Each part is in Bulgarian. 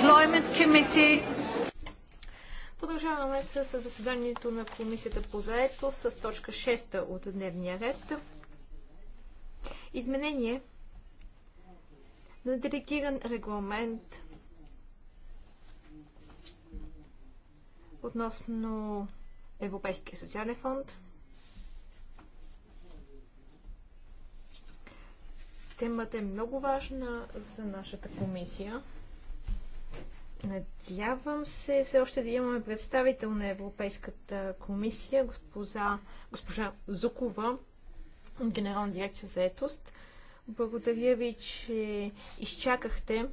Employment Committee. Продължаваме с заседанието на Комисията по заето с точка 6 от дневния ред. Изменение на делегиран регламент относно Европейския социален фонд. Темата е много важна за нашата комисия. Надявам се все още да имаме представител на Европейската комисия, госпожа, госпожа Зукова, Генерална дирекция за етост. Благодаря ви, че изчакахте.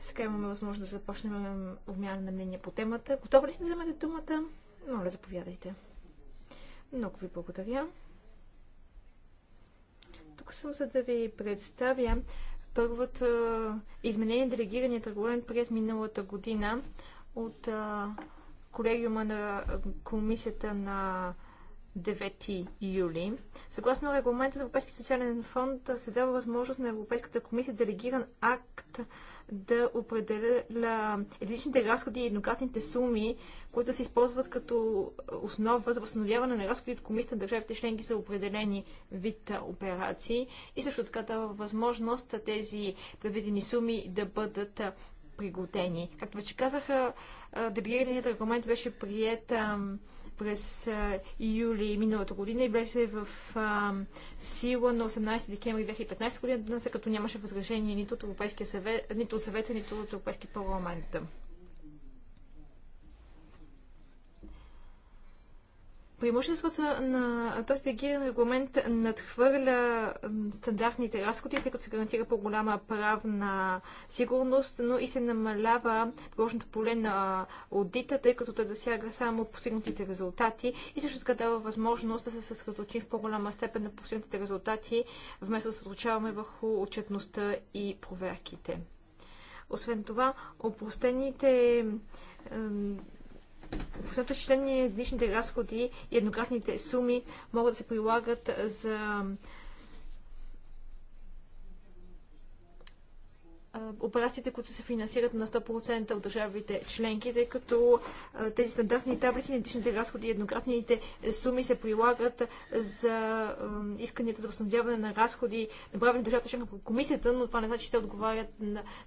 Сега имаме възможност да започнем обмяна на мнение по темата. Готови ли сте да вземете думата? Моля, заповядайте. Много ви благодаря. Тук съм за да ви представя първото изменение на делегирания регламент прият миналата година от колегиума на комисията на 9 юли. Съгласно регламента за Европейски социален фонд се дава възможност на Европейската комисия делегиран акт да определя единичните разходи и еднократните суми, които се използват като основа за възстановяване на разходи от комисията на държавите членки за определени вид операции и също така дава възможност тези предвидени суми да бъдат пригодени. Както вече казаха, делегираният регламент беше прият през юли миналата година и беше в сила на 18 декември 2015 година, като нямаше възражение нито от Европейския съвет, нито от съвета, нито от Европейския парламент. Преимуществата на този делегиран регламент надхвърля стандартните разходи, тъй като се гарантира по-голяма правна сигурност, но и се намалява приложното поле на аудита, тъй като той засяга само постигнатите резултати и също така дава възможност да се съсредоточим в по-голяма степен на постигнатите резултати, вместо да се случаваме върху отчетността и проверките. Освен това, опростените Последното изчисление на разходи и еднократните суми могат да се прилагат за операциите, които се финансират на 100% от държавите членки, тъй като тези стандартни таблици идентичните разходи и еднократните суми се прилагат за исканията за възстановяване на разходи, направени държавата членка по комисията, но това не значи, че те отговарят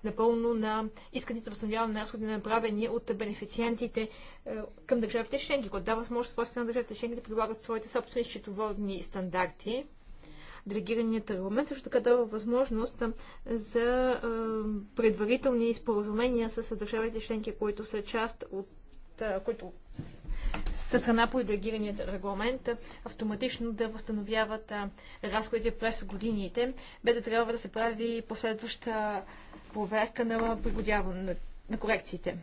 напълно на исканията за възстановяване на разходи, направени от бенефициентите към държавите членки, които дава възможност на държавите членки да прилагат своите собствени счетоводни стандарти делегираният регламент, също така дава възможност за предварителни споразумения с държавите членки, които са част от които са страна по делегираният регламент, автоматично да възстановяват разходите през годините, без да трябва да се прави последваща проверка на пригодяване на корекциите.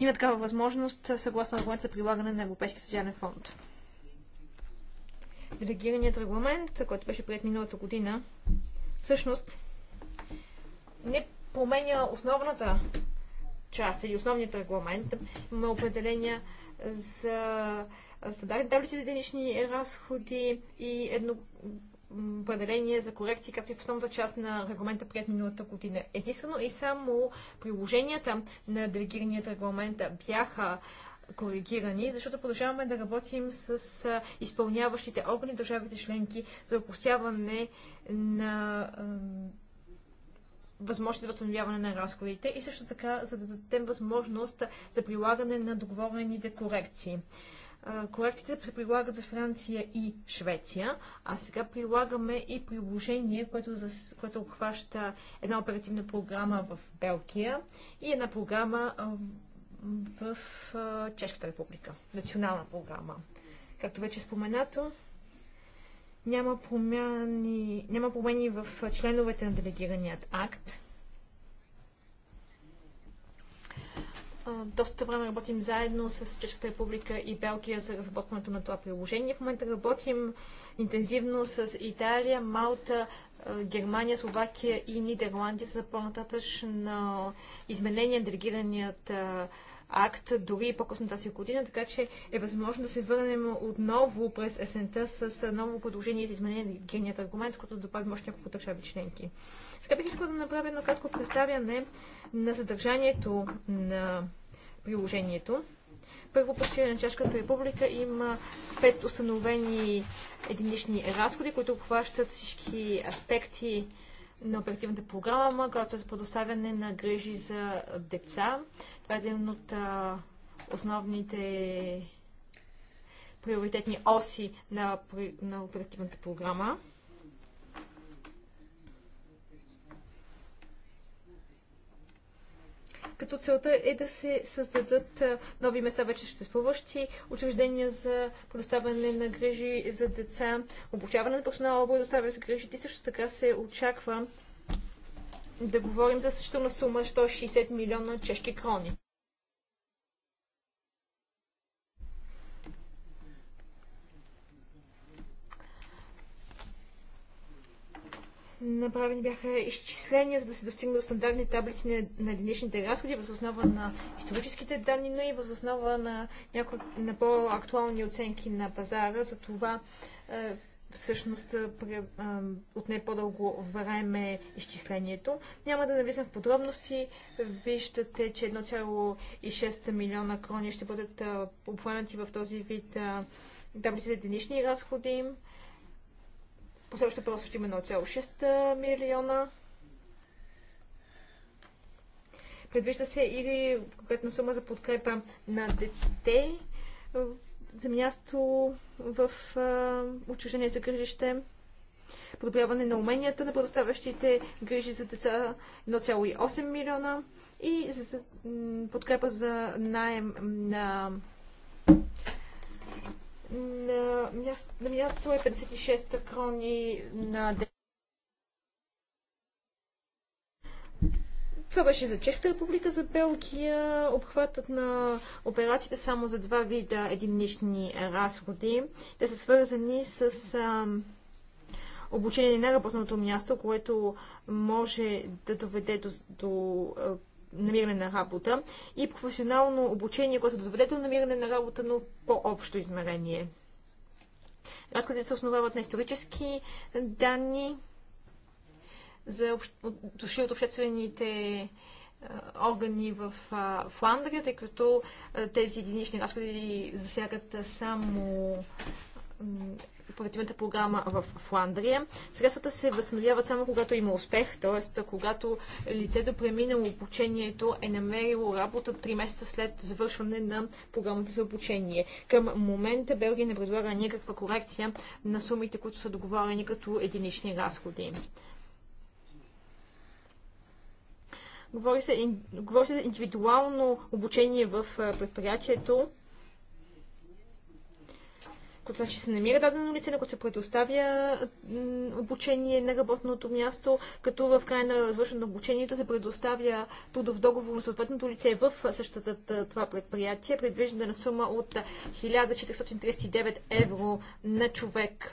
има такава възможност съгласно регламент за прилагане на Европейския социален фонд. Делегираният регламент, който беше прият миналата година, всъщност не променя основната част или основният регламент. Има определения за стандартни таблици за денежни разходи и едно, определение за корекции, както и в основната част на регламента пред миналата година. Единствено и само приложенията на делегираният регламент бяха коригирани, защото продължаваме да работим с изпълняващите органи държавите членки за опростяване на възможност за възстановяване на разходите и също така за да дадем възможност за прилагане на договорените корекции корекциите се прилагат за Франция и Швеция, а сега прилагаме и приложение, което, за, което обхваща една оперативна програма в Белгия и една програма в Чешката република. Национална програма. Както вече е споменато, няма промени, няма промени в членовете на делегираният акт. доста време работим заедно с Чешката република и Белгия за разработването на това приложение. В момента работим интензивно с Италия, Малта, Германия, Словакия и Нидерландия за по-нататъчно изменение на делегираният акт дори по-късно тази година, така че е възможно да се върнем отново през есента с ново продължение за изменение на геният аргумент, с което добавим още няколко държави членки. Сега бих искала да направя едно кратко представяне на съдържанието на приложението. Първо по на Чешката република има пет установени единични разходи, които обхващат всички аспекти на оперативната програма, която е за предоставяне на грежи за деца, един от а, основните приоритетни оси на, на оперативната програма. като целта е да се създадат нови места, вече съществуващи, учреждения за предоставяне на грижи за деца, обучаване на персонала, предоставяне за грижите. Също така се очаква да говорим за същата сума 160 милиона чешки крони. Направени бяха изчисления, за да се достигне до стандартни таблици на, единичните разходи, въз основа на историческите данни, но и въз основа на, някои, на по-актуални оценки на пазара за това е, всъщност отне по-дълго време изчислението. Няма да навлизам в подробности. Виждате, че 1,6 милиона крони ще бъдат обхванати в този вид таблици за денични разходи. Последващо просто ще има 1,6 милиона. Предвижда се или конкретна сума за подкрепа на дете за място в учреждение за грижище, подобряване на уменията на предоставящите грижи за деца 1,8 милиона и за подкрепа за найем на на място, на място е 56 крони на Това беше за Чехта република, за Белгия, обхватът на операциите само за два вида единични разходи. Те са свързани с а, обучение на работното място, което може да доведе до, до а, намиране на работа и професионално обучение, което да доведе до намиране на работа, но по-общо измерение. Разходите се основават на исторически данни, за дошли от обществените органи в Фландрия, тъй като тези единични разходи засягат само оперативната програма в Фландрия. Средствата се възстановяват само когато има успех, т.е. когато лицето преминало обучението е намерило работа 3 месеца след завършване на програмата за обучение. Към момента Белгия не предлага никаква корекция на сумите, които са договорени като единични разходи. Говори се, говори се за индивидуално обучение в предприятието, което значи се намира дадено лице, на което се предоставя обучение на работното място, като в края на извършеното обучението се предоставя трудов договор на съответното лице в същата това предприятие, предвиждана сума от 1439 евро на човек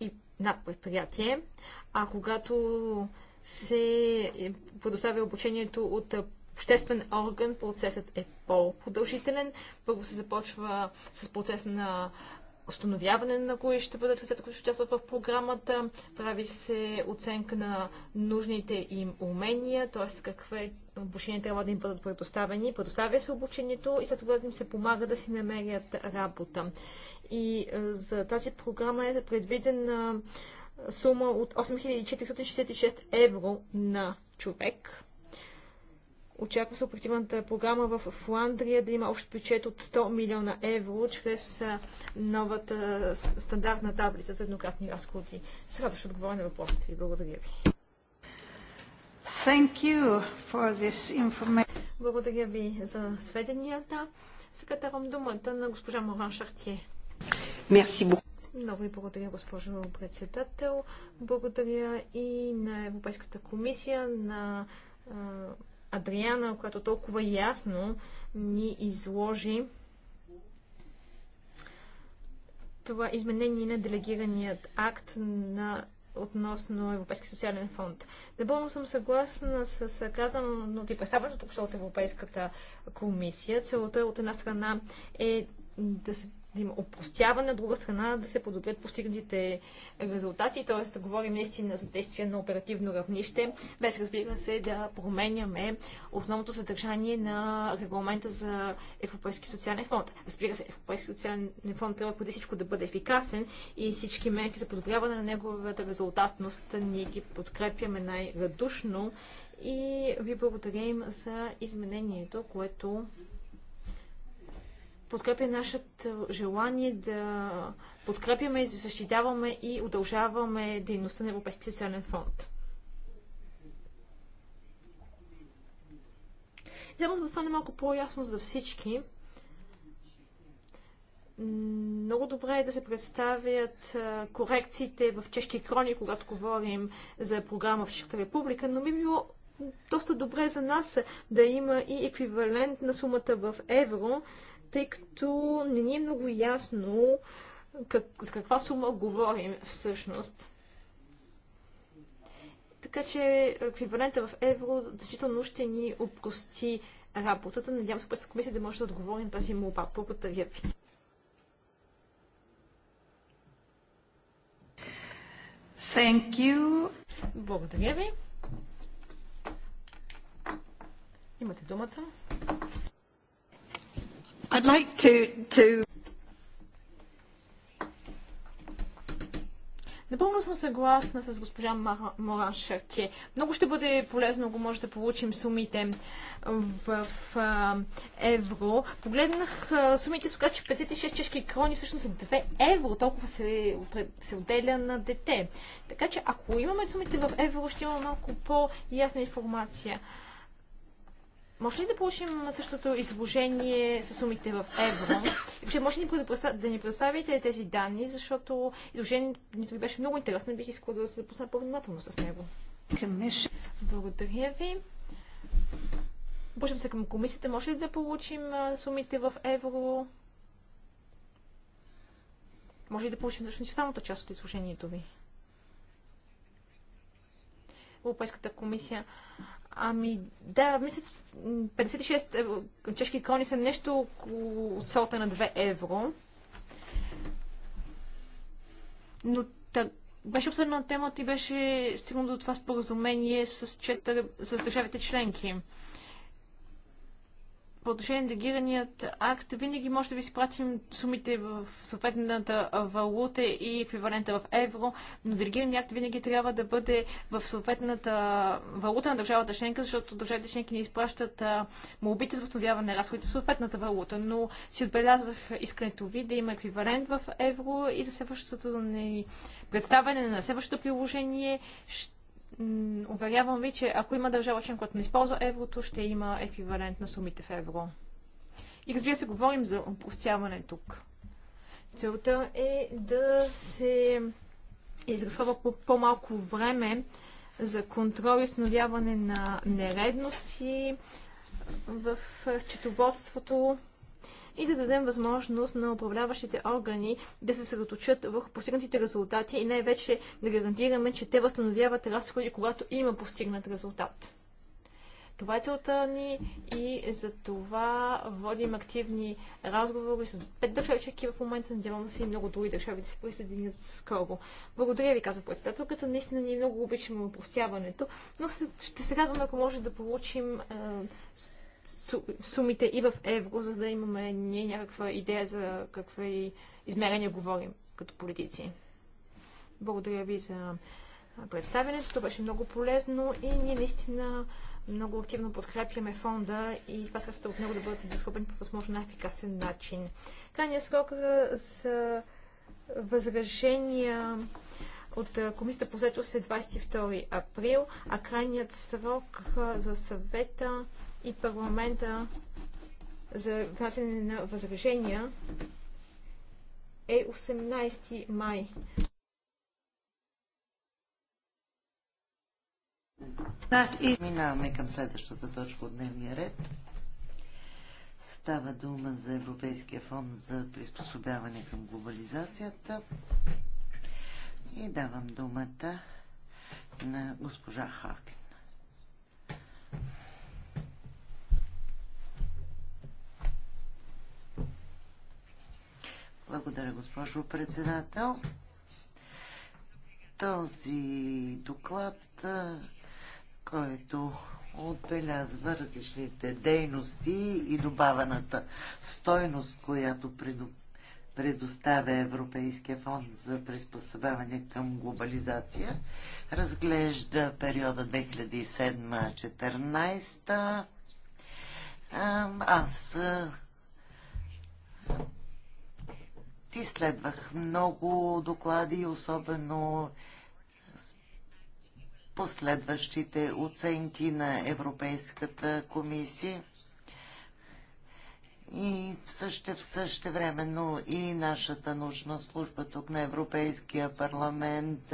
и над предприятие. А когато се е, предоставя обучението от е, обществен орган. Процесът е по-продължителен. Първо се започва с процес на установяване на кои ще бъдат лицата, които ще участват в програмата, прави се оценка на нужните им умения, т.е. какви е, обучения трябва да им бъдат предоставени, предоставя се обучението и след това да им се помага да си намерят работа. И за тази програма е предвидена сума от 8466 евро на човек. Очаква се оперативната програма в Фландрия да има общ бюджет от 100 милиона евро чрез новата стандартна таблица за еднократни разходи. С радост отговоря на въпросите ви. Благодаря ви. Thank you for this information. Благодаря ви за сведенията. Сега давам думата на госпожа Моран Шартие. Мерси beaucoup. Много ви благодаря, госпожо председател. Благодаря и на Европейската комисия, на Адриана, която толкова ясно ни изложи това изменение на делегираният акт на относно Европейски социален фонд. Напълно съм съгласна с казаното ти представеното от Европейската комисия. Целта от една страна е да се да има опростяване, от друга страна да се подобрят постигнатите резултати, т.е. да говорим наистина за действия на оперативно равнище, без разбира се да променяме основното съдържание на регламента за Европейски социален фонд. Разбира се, Европейски социален фонд трябва преди всичко да бъде ефикасен и всички мерки за подобряване на неговата резултатност ние ги подкрепяме най-радушно и ви благодарим за изменението, което подкрепя нашето желание да подкрепяме, защитаваме и удължаваме дейността на Европейския социален фонд. Само за да стане малко по-ясно за всички, много добре е да се представят корекциите в чешки крони, когато говорим за програма в Чешката република, но би било доста добре за нас да има и еквивалент на сумата в евро, тъй като не ни е много ясно как, за каква сума говорим всъщност. Така че еквивалента в евро значително ще ни опрости работата. Надявам се, през комисия да може да отговорим тази молба. Благодаря ви. Thank you. Благодаря ви. Имате думата. I'd like to, to... Напълно съм съгласна с госпожа Моран Шартие. Много ще бъде полезно, ако може да получим сумите в, в а, евро. Погледнах а, сумите, с че 56 чешки крони всъщност са 2 евро. Толкова се, се отделя на дете. Така че ако имаме сумите в евро, ще имаме малко по-ясна информация. Може ли да получим същото изложение с сумите в евро? И въобще, може ли да ни предоставите тези данни, защото изложението ви беше много интересно и бих искала да се запусна по-внимателно с него. Благодаря ви. Обръщам се към комисията. Може ли да получим сумите в евро? Може ли да получим всъщност самата част от изложението ви? Европейската комисия Ами да, мисля, 56 чешки крони са нещо около от сорта на 2 евро. Но тър... беше обсъдена темата и беше стигнал до това споразумение с, четър... с държавите членки по отношение на делегираният акт, винаги може да ви изпратим сумите в съответната валута и еквивалента в евро, но делегираният акт винаги трябва да бъде в съответната валута на държавата членка, защото държавите членки не изпращат молбите за възстановяване на разходите в съответната валута. Но си отбелязах искането ви да има еквивалент в евро и за следващото ни представяне на следващото приложение ще уверявам ви, че ако има държава член, която не използва еврото, ще има еквивалент на сумите в евро. И разбира се, говорим за упростяване тук. Целта е да се изразхова по по-малко време за контрол и установяване на нередности в четоводството и да дадем възможност на управляващите органи да се съсредоточат върху постигнатите резултати и най-вече да гарантираме, че те възстановяват разходи, когато има постигнат резултат. Това е целта ни и за това водим активни разговори с пет държави в момента. Надявам се и много други държави да се присъединят скоро. Благодаря ви, казва председателката. Наистина ние много обичаме упростяването, но ще се радвам, ако може да получим е, сумите и в евро, за да имаме ние някаква идея за какви измерения говорим като политици. Благодаря ви за представянето. То беше много полезно и ние наистина много активно подкрепяме фонда и това средства от него да бъдат изразходени по възможно най-ефикасен начин. Крайният срок за възражения от Комисията по заетост е 22 април, а крайният срок за съвета и парламента за внасяне на възражения е 18 май. Минаваме към следващата точка от дневния ред. Става дума за Европейския фонд за приспособяване към глобализацията. И давам думата на госпожа Хакен. Благодаря, госпожо председател. Този доклад, който отбелязва различните дейности и добавената стойност, която предоставя Европейския фонд за приспособяване към глобализация, разглежда периода 2007-2014. Аз ти следвах много доклади, особено последващите оценки на Европейската комисия и в също, но и нашата нужна служба тук на Европейския парламент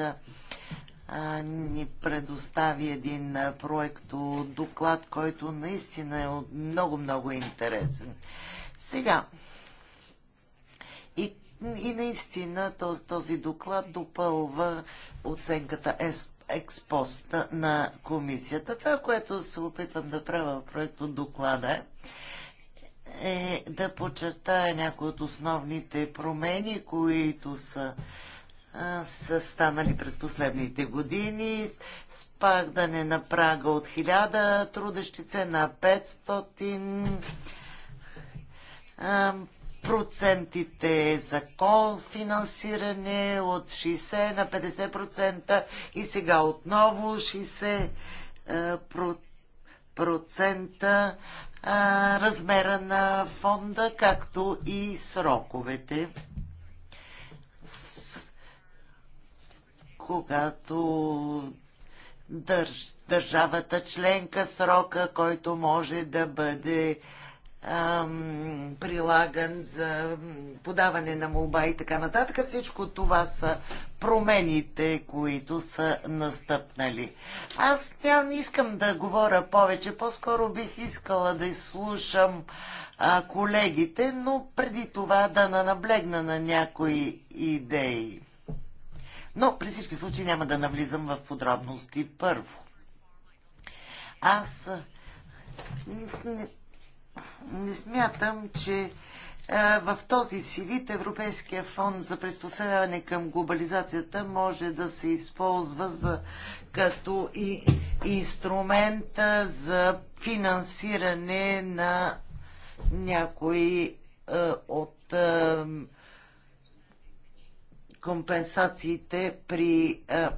а, ни предостави един проект доклад, който наистина е много-много интересен. Сега, и и наистина този, този доклад допълва оценката експост на комисията. Това, което се опитвам да правя в проекто доклада е да подчертая някои от основните промени, които са, а, са станали през последните години. Спагдане на прага от 1000 трудещите на 500 процентите за финансиране от 60 на 50% и сега отново 60 е, процента е, размера на фонда, както и сроковете. Когато държ, държавата членка срока, който може да бъде ам, прилаган за подаване на молба и така нататък. Всичко това са промените, които са настъпнали. Аз не искам да говоря повече, по-скоро бих искала да изслушам а, колегите, но преди това да наблегна на някои идеи. Но при всички случаи няма да навлизам в подробности първо. Аз не смятам, че в този си вид Европейския фонд за приспособяване към глобализацията може да се използва за, като и, инструмент за финансиране на някои е, от е, компенсациите при е,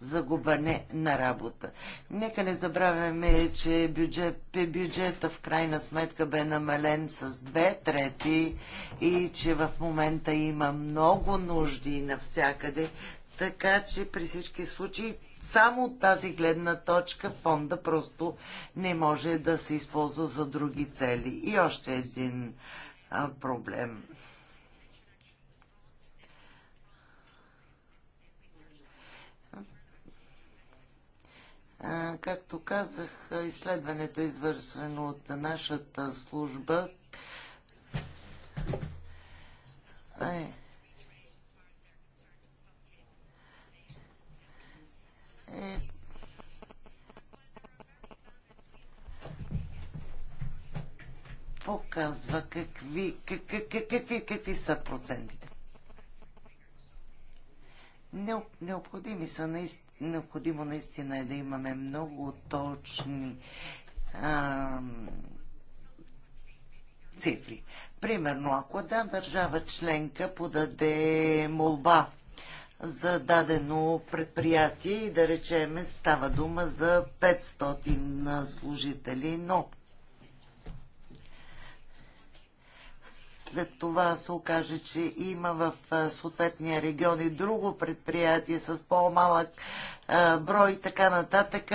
загубане на работа. Нека не забравяме, че бюджет, бюджета в крайна сметка бе намален с две трети и че в момента има много нужди навсякъде, така че при всички случаи само от тази гледна точка фонда просто не може да се използва за други цели. И още един а, проблем. Както казах, изследването е извършено от нашата служба. Е. Е. Показва какви, какви, какви са процентите. Необходими са наистина необходимо наистина е да имаме много точни а, цифри. Примерно, ако една държава членка подаде молба за дадено предприятие и да речеме става дума за 500 служители, но след това се окаже, че има в съответния регион и друго предприятие с по-малък брой и така нататък,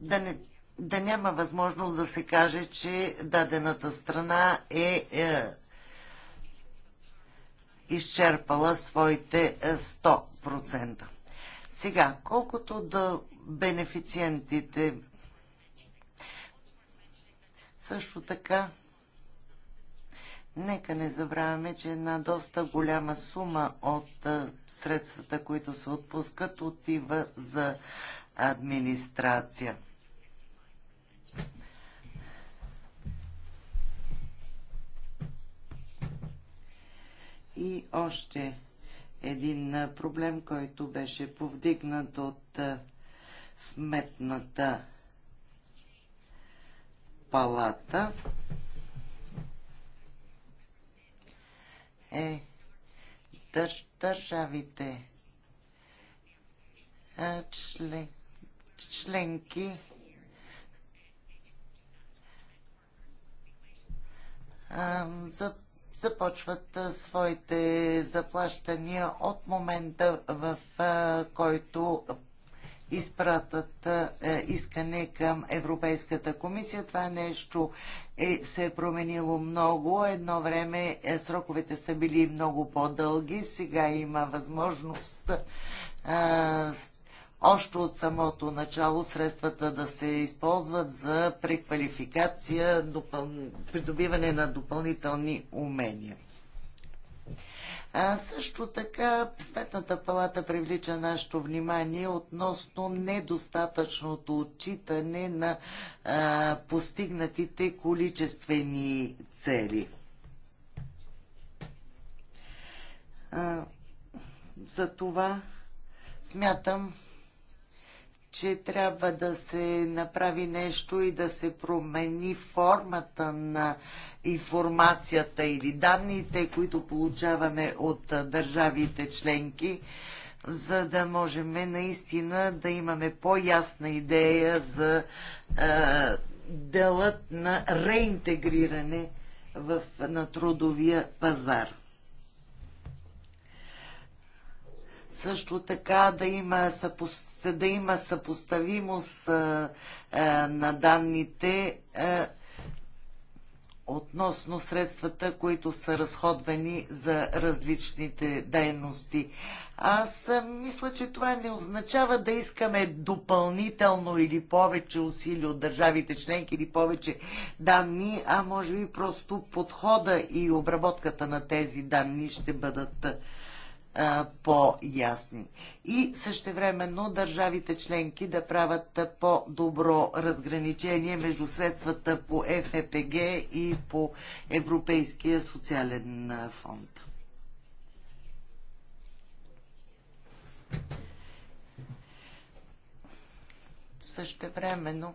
да, не, да няма възможност да се каже, че дадената страна е, е изчерпала своите 100%. Е, Сега, колкото до бенефициентите, също така Нека не забравяме, че една доста голяма сума от средствата, които се отпускат, отива за администрация. И още един проблем, който беше повдигнат от сметната палата. е държ, държавите член, членки за започват своите заплащания от момента, в който изпратят е, искане към Европейската комисия. Това нещо е, се е променило много. Едно време е, сроковете са били много по-дълги. Сега има възможност е, още от самото начало средствата да се използват за преквалификация, допъл... придобиване на допълнителни умения. А, също така Сметната палата привлича нашето внимание относно недостатъчното отчитане на а, постигнатите количествени цели. А, за това смятам, че трябва да се направи нещо и да се промени формата на информацията или данните, които получаваме от държавите членки, за да можем наистина да имаме по-ясна идея за е, делът на реинтегриране в, на трудовия пазар. също така да има, съпо, да има съпоставимост а, а, на данните а, относно средствата, които са разходвани за различните дейности. Аз мисля, че това не означава да искаме допълнително или повече усилия от държавите членки или повече данни, а може би просто подхода и обработката на тези данни ще бъдат по-ясни. И същевременно държавите членки да правят по-добро разграничение между средствата по ФПГ е и по Европейския социален фонд. Същевременно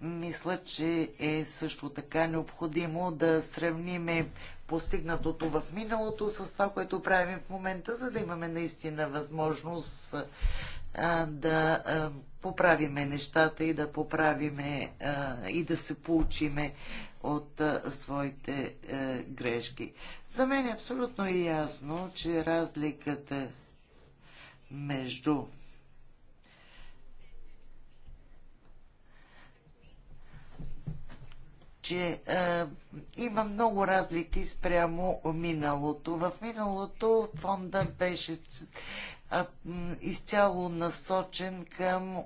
мисля, че е също така необходимо да сравниме постигнатото в миналото с това, което правим в момента, за да имаме наистина възможност а, да а, поправиме нещата и да поправиме а, и да се получиме от а, своите а, грешки. За мен е абсолютно ясно, че разликата между че а, е, има много разлики спрямо миналото. В миналото фонда беше е, изцяло насочен към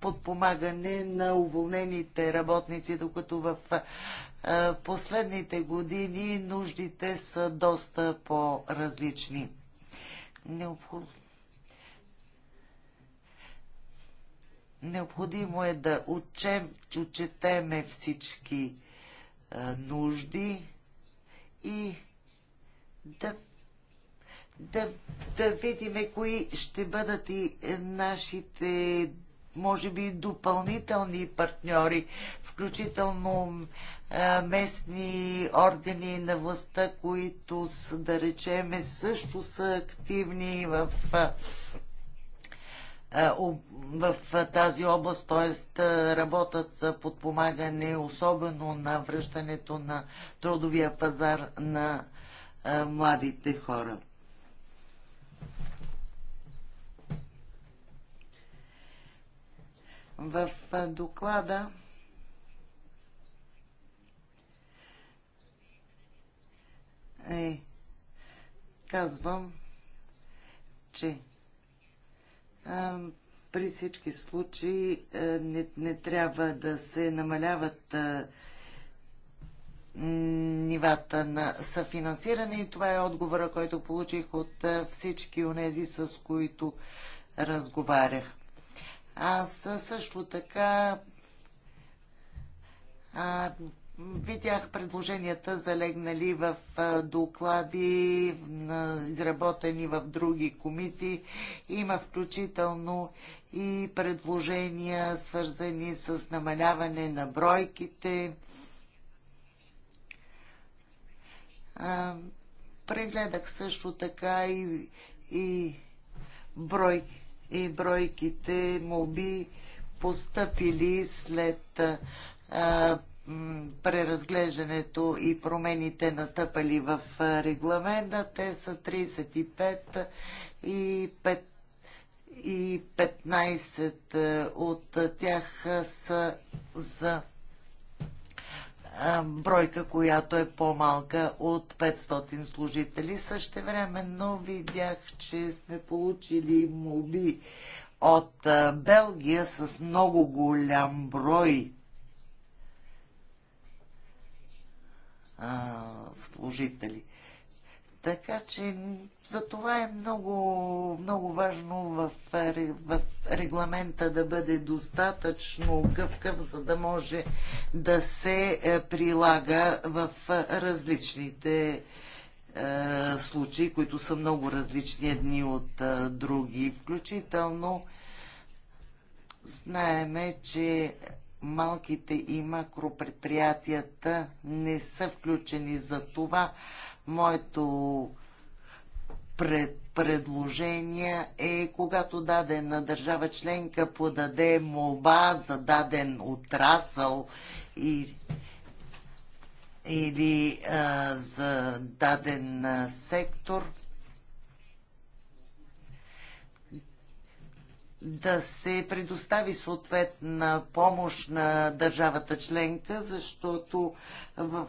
подпомагане на уволнените работници, докато в е, последните години нуждите са доста по-различни. Необходимо Необходимо е да отчем, отчетеме всички нужди и да, да, да видиме кои ще бъдат и нашите може би допълнителни партньори, включително местни органи на властта, които, да речеме, също са активни в в тази област, т.е. работят за подпомагане, особено на връщането на трудовия пазар на младите хора. В доклада е, казвам, че при всички случаи е, не, не трябва да се намаляват е, нивата на съфинансиране и това е отговора, който получих от е, всички онези, с които разговарях. Аз също така а, Видях предложенията залегнали в доклади, изработени в други комисии. Има включително и предложения, свързани с намаляване на бройките. Прегледах също така и, и, брой, и бройките молби постъпили след а, преразглеждането и промените настъпали в регламента. Те са 35 и 15 от тях са за бройка, която е по-малка от 500 служители. времено видях, че сме получили моби от Белгия с много голям брой а, служители. Така че за това е много, много важно в, в регламента да бъде достатъчно гъвкав, за да може да се е, прилага в е, различните е, случаи, които са много различни едни от е, други. Включително знаеме, че малките и макропредприятията не са включени. За това моето пред предложение е когато дадена държава членка подаде моба за даден отрасъл и, или а, за даден сектор – да се предостави съответна помощ на държавата членка, защото в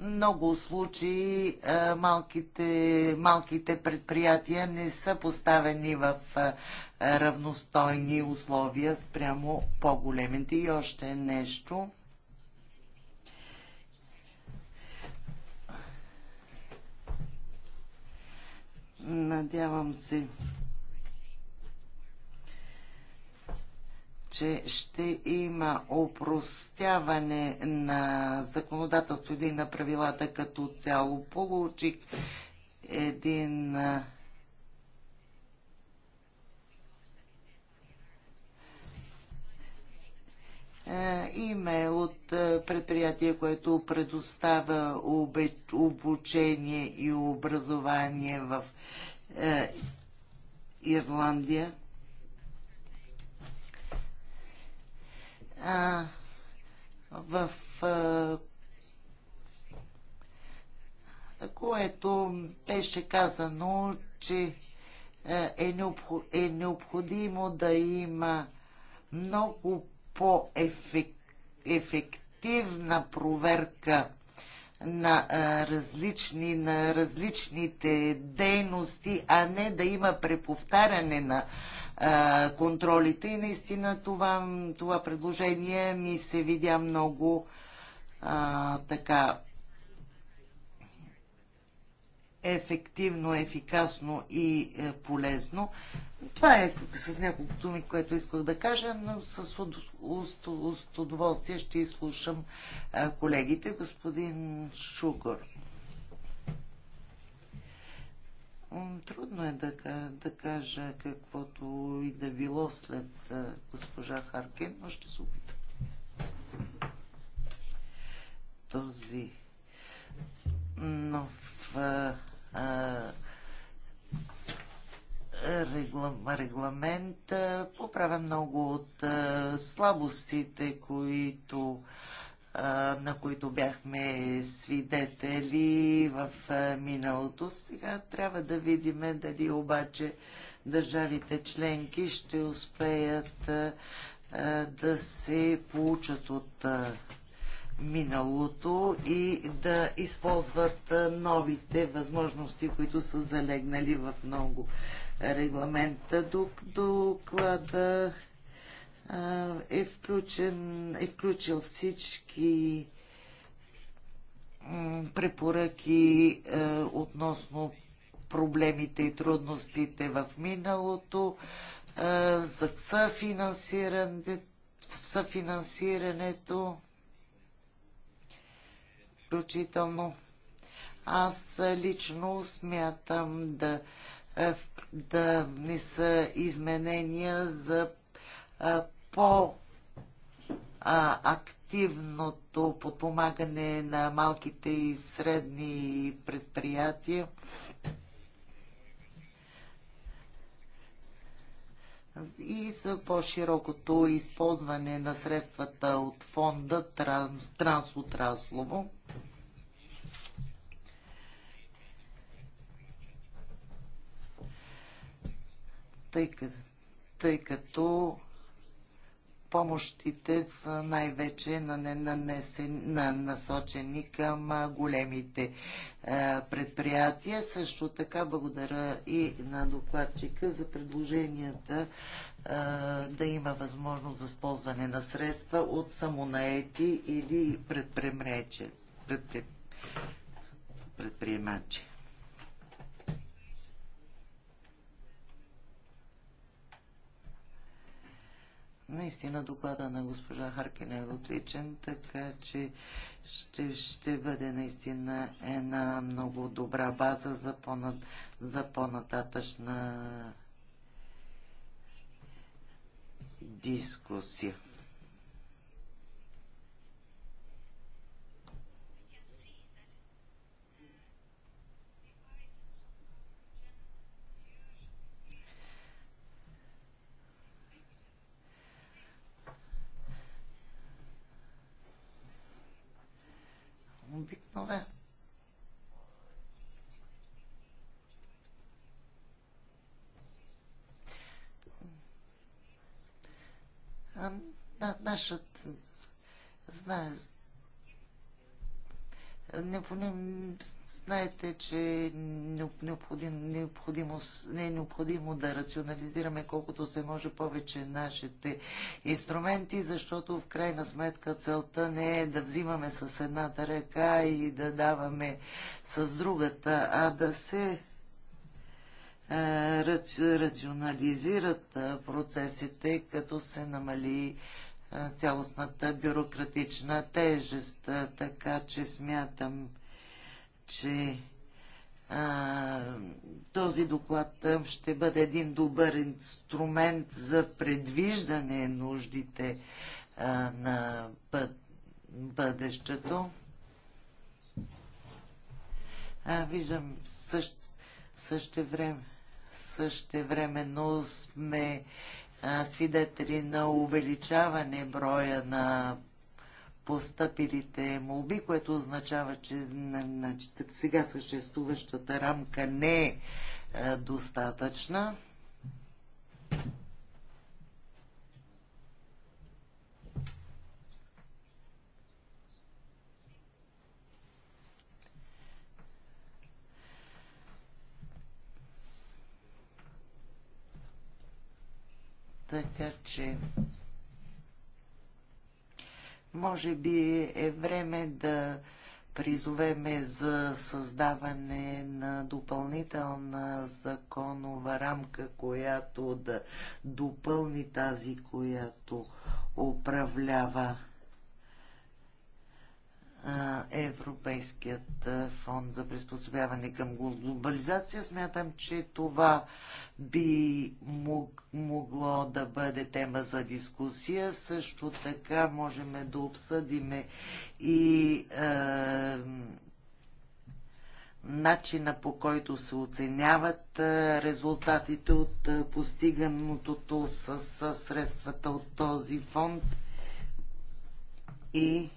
много случаи малките, малките предприятия не са поставени в равностойни условия спрямо по-големите. И още нещо. Надявам се, че ще има опростяване на законодателство и на правилата като цяло. Получих един имейл от предприятие, което предоставя обучение и образование в Ирландия. а, в а, което беше казано, че е, е необхо, е необходимо да има много по-ефективна проверка на, а, различни, на различните дейности, а не да има преповтаряне на а, контролите. И наистина това, това предложение ми се видя много а, така ефективно, ефикасно и е, полезно. Това е с няколко думи, което исках да кажа, но с удоволствие ще изслушам е, колегите. Господин Шугор. Трудно е да, да кажа каквото и да било след е, госпожа Харкен, но ще се опитам. Този нов регламент поправя много от слабостите, които, на които бяхме свидетели в миналото. Сега трябва да видим дали обаче държавите членки ще успеят да се получат от миналото и да използват новите възможности, които са залегнали в много регламента. Доклада е, включен, е включил всички препоръки е, относно проблемите и трудностите в миналото, е, за съфинансирането изключително. Аз лично смятам да, е, да внеса изменения за е, по- активното подпомагане на малките и средни предприятия и с по-широкото използване на средствата от фонда транс, трансотраслово. Тъй, тъй като помощите са най-вече насочени към големите е, предприятия. Също така благодаря и на докладчика за предложенията е, да има възможност за използване на средства от самонаети или предприемачи. наистина доклада на госпожа Харкин е отличен, така че ще, ще бъде наистина една много добра база за, по за по-нататъчна дискусия. обикновено. нашата знае, Необходим, знаете, че необходим, необходимост, не е необходимо да рационализираме колкото се може повече нашите инструменти, защото в крайна сметка целта не е да взимаме с едната ръка и да даваме с другата, а да се рационализират процесите, като се намали цялостната бюрократична тежест. Така че смятам, че а, този доклад ще бъде един добър инструмент за предвиждане нуждите а, на път, бъдещето. А, виждам също, също време. но сме свидетели на увеличаване броя на постъпилите молби, което означава, че сега съществуващата рамка не е достатъчна. че може би е време да призовеме за създаване на допълнителна законова рамка, която да допълни тази, която управлява Европейският фонд за приспособяване към глобализация. Смятам, че това би могло да бъде тема за дискусия. Също така можем да обсъдим и е, начина по който се оценяват резултатите от постиганото с средствата от този фонд и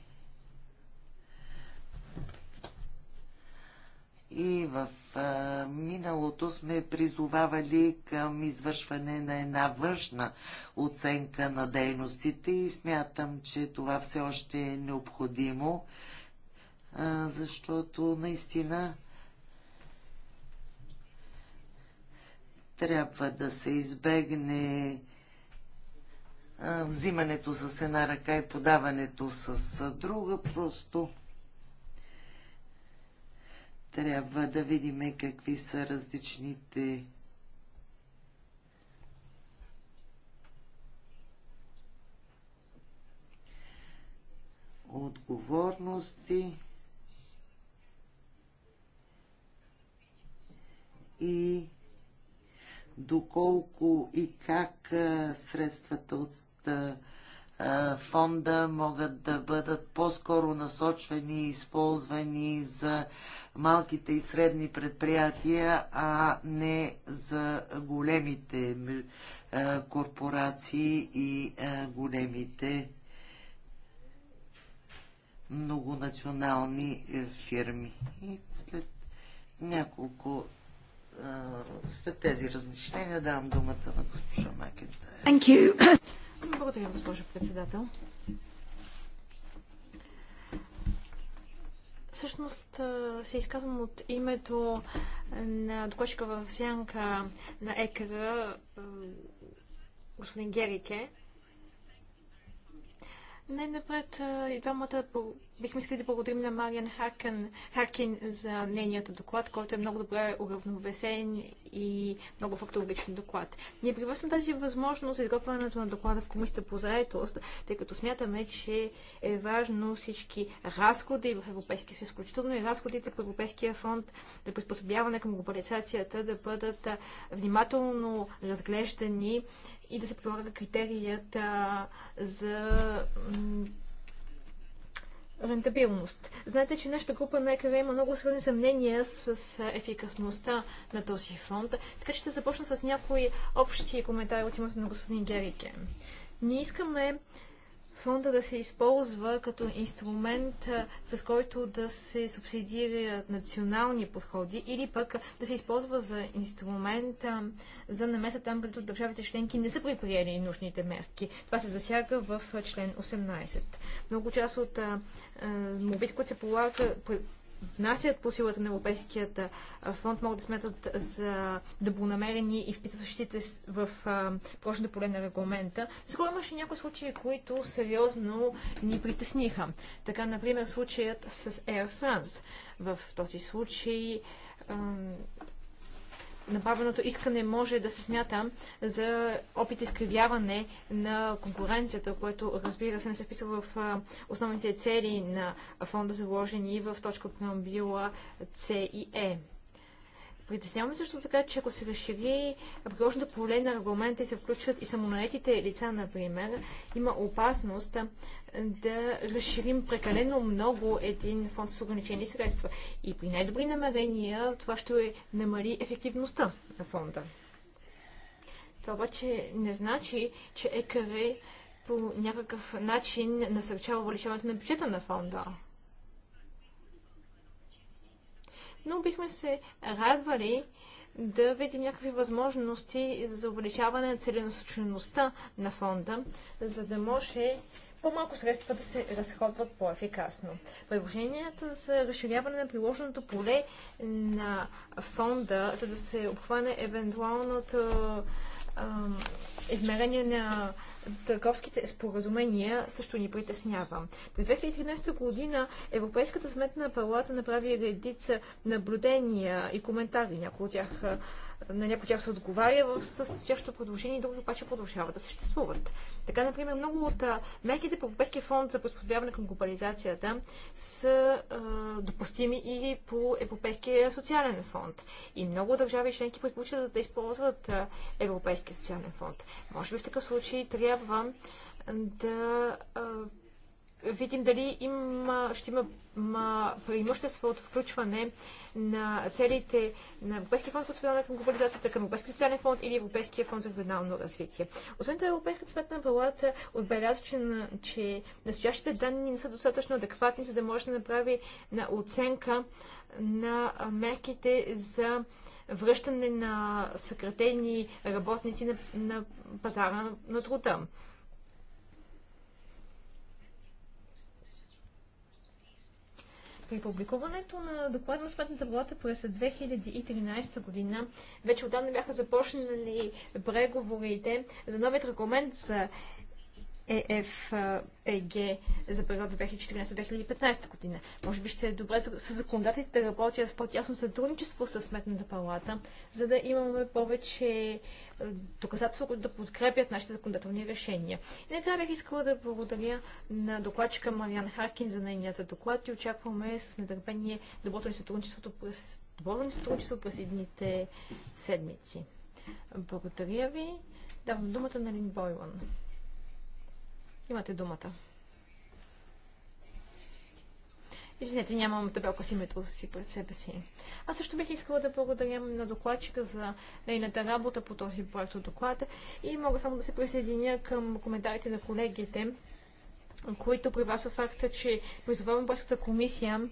и в а, миналото сме призовавали към извършване на една външна оценка на дейностите и смятам, че това все още е необходимо, а, защото наистина трябва да се избегне а, взимането с една ръка и подаването с друга просто трябва да видим какви са различните отговорности и доколко и как средствата от фонда могат да бъдат по-скоро насочвани и използвани за малките и средни предприятия, а не за големите корпорации и големите многонационални е, фирми. И след няколко след тези размишления давам думата на госпожа Макентайр. Благодаря, госпожо председател. Всъщност се изказвам от името на докочка в сянка на ЕКР, господин Герике. Най-напред и двамата бихме искали да благодарим на Мариан Харкин, Харкин за нейният доклад, който е много добре уравновесен и много фактологичен доклад. Ние приветствам тази възможност за изготвянето на доклада в Комисията по заедост, тъй като смятаме, че е важно всички разходи в Европейския съюз, включително и разходите по Европейския фонд за приспособяване към глобализацията да бъдат внимателно разглеждани и да се прилага критерият а, за рентабилност. Знаете, че нашата група на ЕКВ има много сходни съмнения с, с ефикасността на този фонд, така че ще започна с някои общи коментари от името на господин Герике. Ние искаме фонда да се използва като инструмент, с който да се субсидират национални подходи или пък да се използва за инструмент за намеса там, където държавите членки не са приприели нужните мерки. Това се засяга в член 18. Много част от мобит, които се полагат, внасят по силата на Европейският фонд, могат да сметат за добронамерени и вписващите в прочното поле на регламента. Скоро имаше някои случаи, които сериозно ни притесниха. Така, например, случаят с Air France. В този случай направеното искане може да се смята за опит за изкривяване на конкуренцията, което разбира се не се вписва в основните цели на фонда заложени в точка преамбила С и Е. E. Притеснявам също така, че ако се разшири приложното поле на регламента и се включват и самонаетите лица, например, има опасност да разширим прекалено много един фонд с ограничени средства. И при най-добри намерения това ще намали ефективността на фонда. Това обаче не значи, че ЕКР по някакъв начин насърчава увеличаването на бюджета на фонда. но бихме се радвали да видим някакви възможности за увеличаване на целенасочеността на фонда, за да може по-малко средства да се разходват по-ефикасно. Предложенията за разширяване на приложеното поле на фонда, за да се обхване евентуалното а, измерение на търговските споразумения също ни притеснява. През 2013 година Европейската сметна палата направи редица наблюдения и коментари. Някои от тях, на някои от тях се отговаря в състоящото предложение, други обаче продължават да съществуват. Така, например, много от мерките по Европейския фонд за приспособяване към глобализацията са а, допустими и по Европейския социален фонд. И много държави членки предпочитат да използват Европейския социален фонд. Може би в такъв случай трябва трябва да видим дали има, ще има, ма, преимущество от включване на целите на Европейския фонд за към глобализацията, към Европейския социален фонд или Европейския фонд за регионално развитие. Освен това, Европейската сметна палата отбеляза, че, че настоящите данни не са достатъчно адекватни, за да може да направи на оценка на мерките за връщане на съкратени работници на, на пазара на, на труда. При публикуването на доклада на Сметната палата през 2013 година вече отдавна бяха започнали преговорите за новият регламент за ЕФПГ е за периода 2014-2015 година. Може би ще е добре с законодателите да работят в по-тясно сътрудничество с Сметната палата, за да имаме повече е, доказателства, които да подкрепят нашите законодателни решения. И накрая бих искала да благодаря на докладчика Мариан Харкин за нейният доклад и очакваме с нетърпение доброто ни сътрудничеството през доброто ни сътрудничество през едните седмици. Благодаря ви. Давам думата на Лин Бойлан. Имате думата. Извинете, нямам табелка с името си пред себе си. Аз също бих искала да благодаря на докладчика за нейната работа по този проект от доклада и мога само да се присъединя към коментарите на колегите, които при вас факта, че призовавам Българската комисия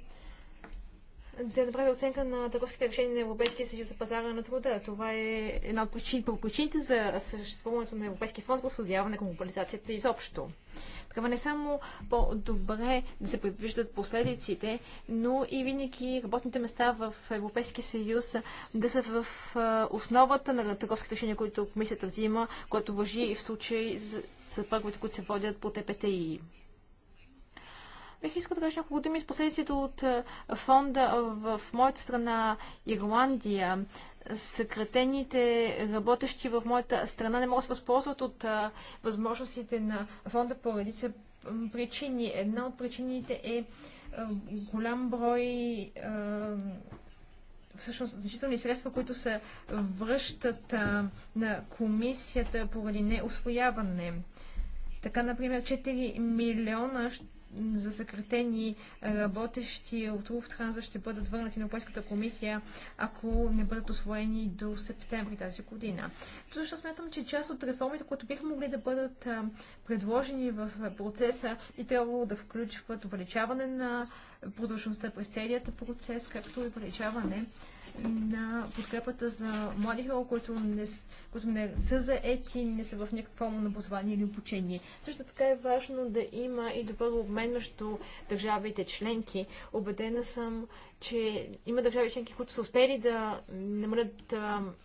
да направи оценка на търговските решения на Европейския съюз за пазара на труда. Това е една от причините, причините за съществуването на Европейския фонд за възходяване на глобализацията изобщо. Такава не само по-добре да се предвиждат последиците, но и винаги работните места в Европейския съюз да са в основата на търговските решения, които комисията взима, което въжи и в случай с първите, които се водят по ТПТИ. Бих искал да кажа няколко думи с последиците от фонда в моята страна Ирландия. Съкратените работещи в моята страна не могат да се възползват от възможностите на фонда по редица причини. Една от причините е голям брой всъщност значителни средства, които се връщат а, на комисията поради неосвояване. Така, например, 4 милиона за съкратени работещи от Луфтханза ще бъдат върнати на Европейската комисия, ако не бъдат освоени до септември тази година. То защо смятам, че част от реформите, които биха могли да бъдат предложени в процеса, и трябвало да включват увеличаване на продължността през целият процес, както и увеличаване на подкрепата за млади хора, които не, които не са заети, не са в някаква форма на образование или обучение. Също така е важно да има и добър обмен между държавите членки. Обедена съм, че има държави членки, които са успели да намалят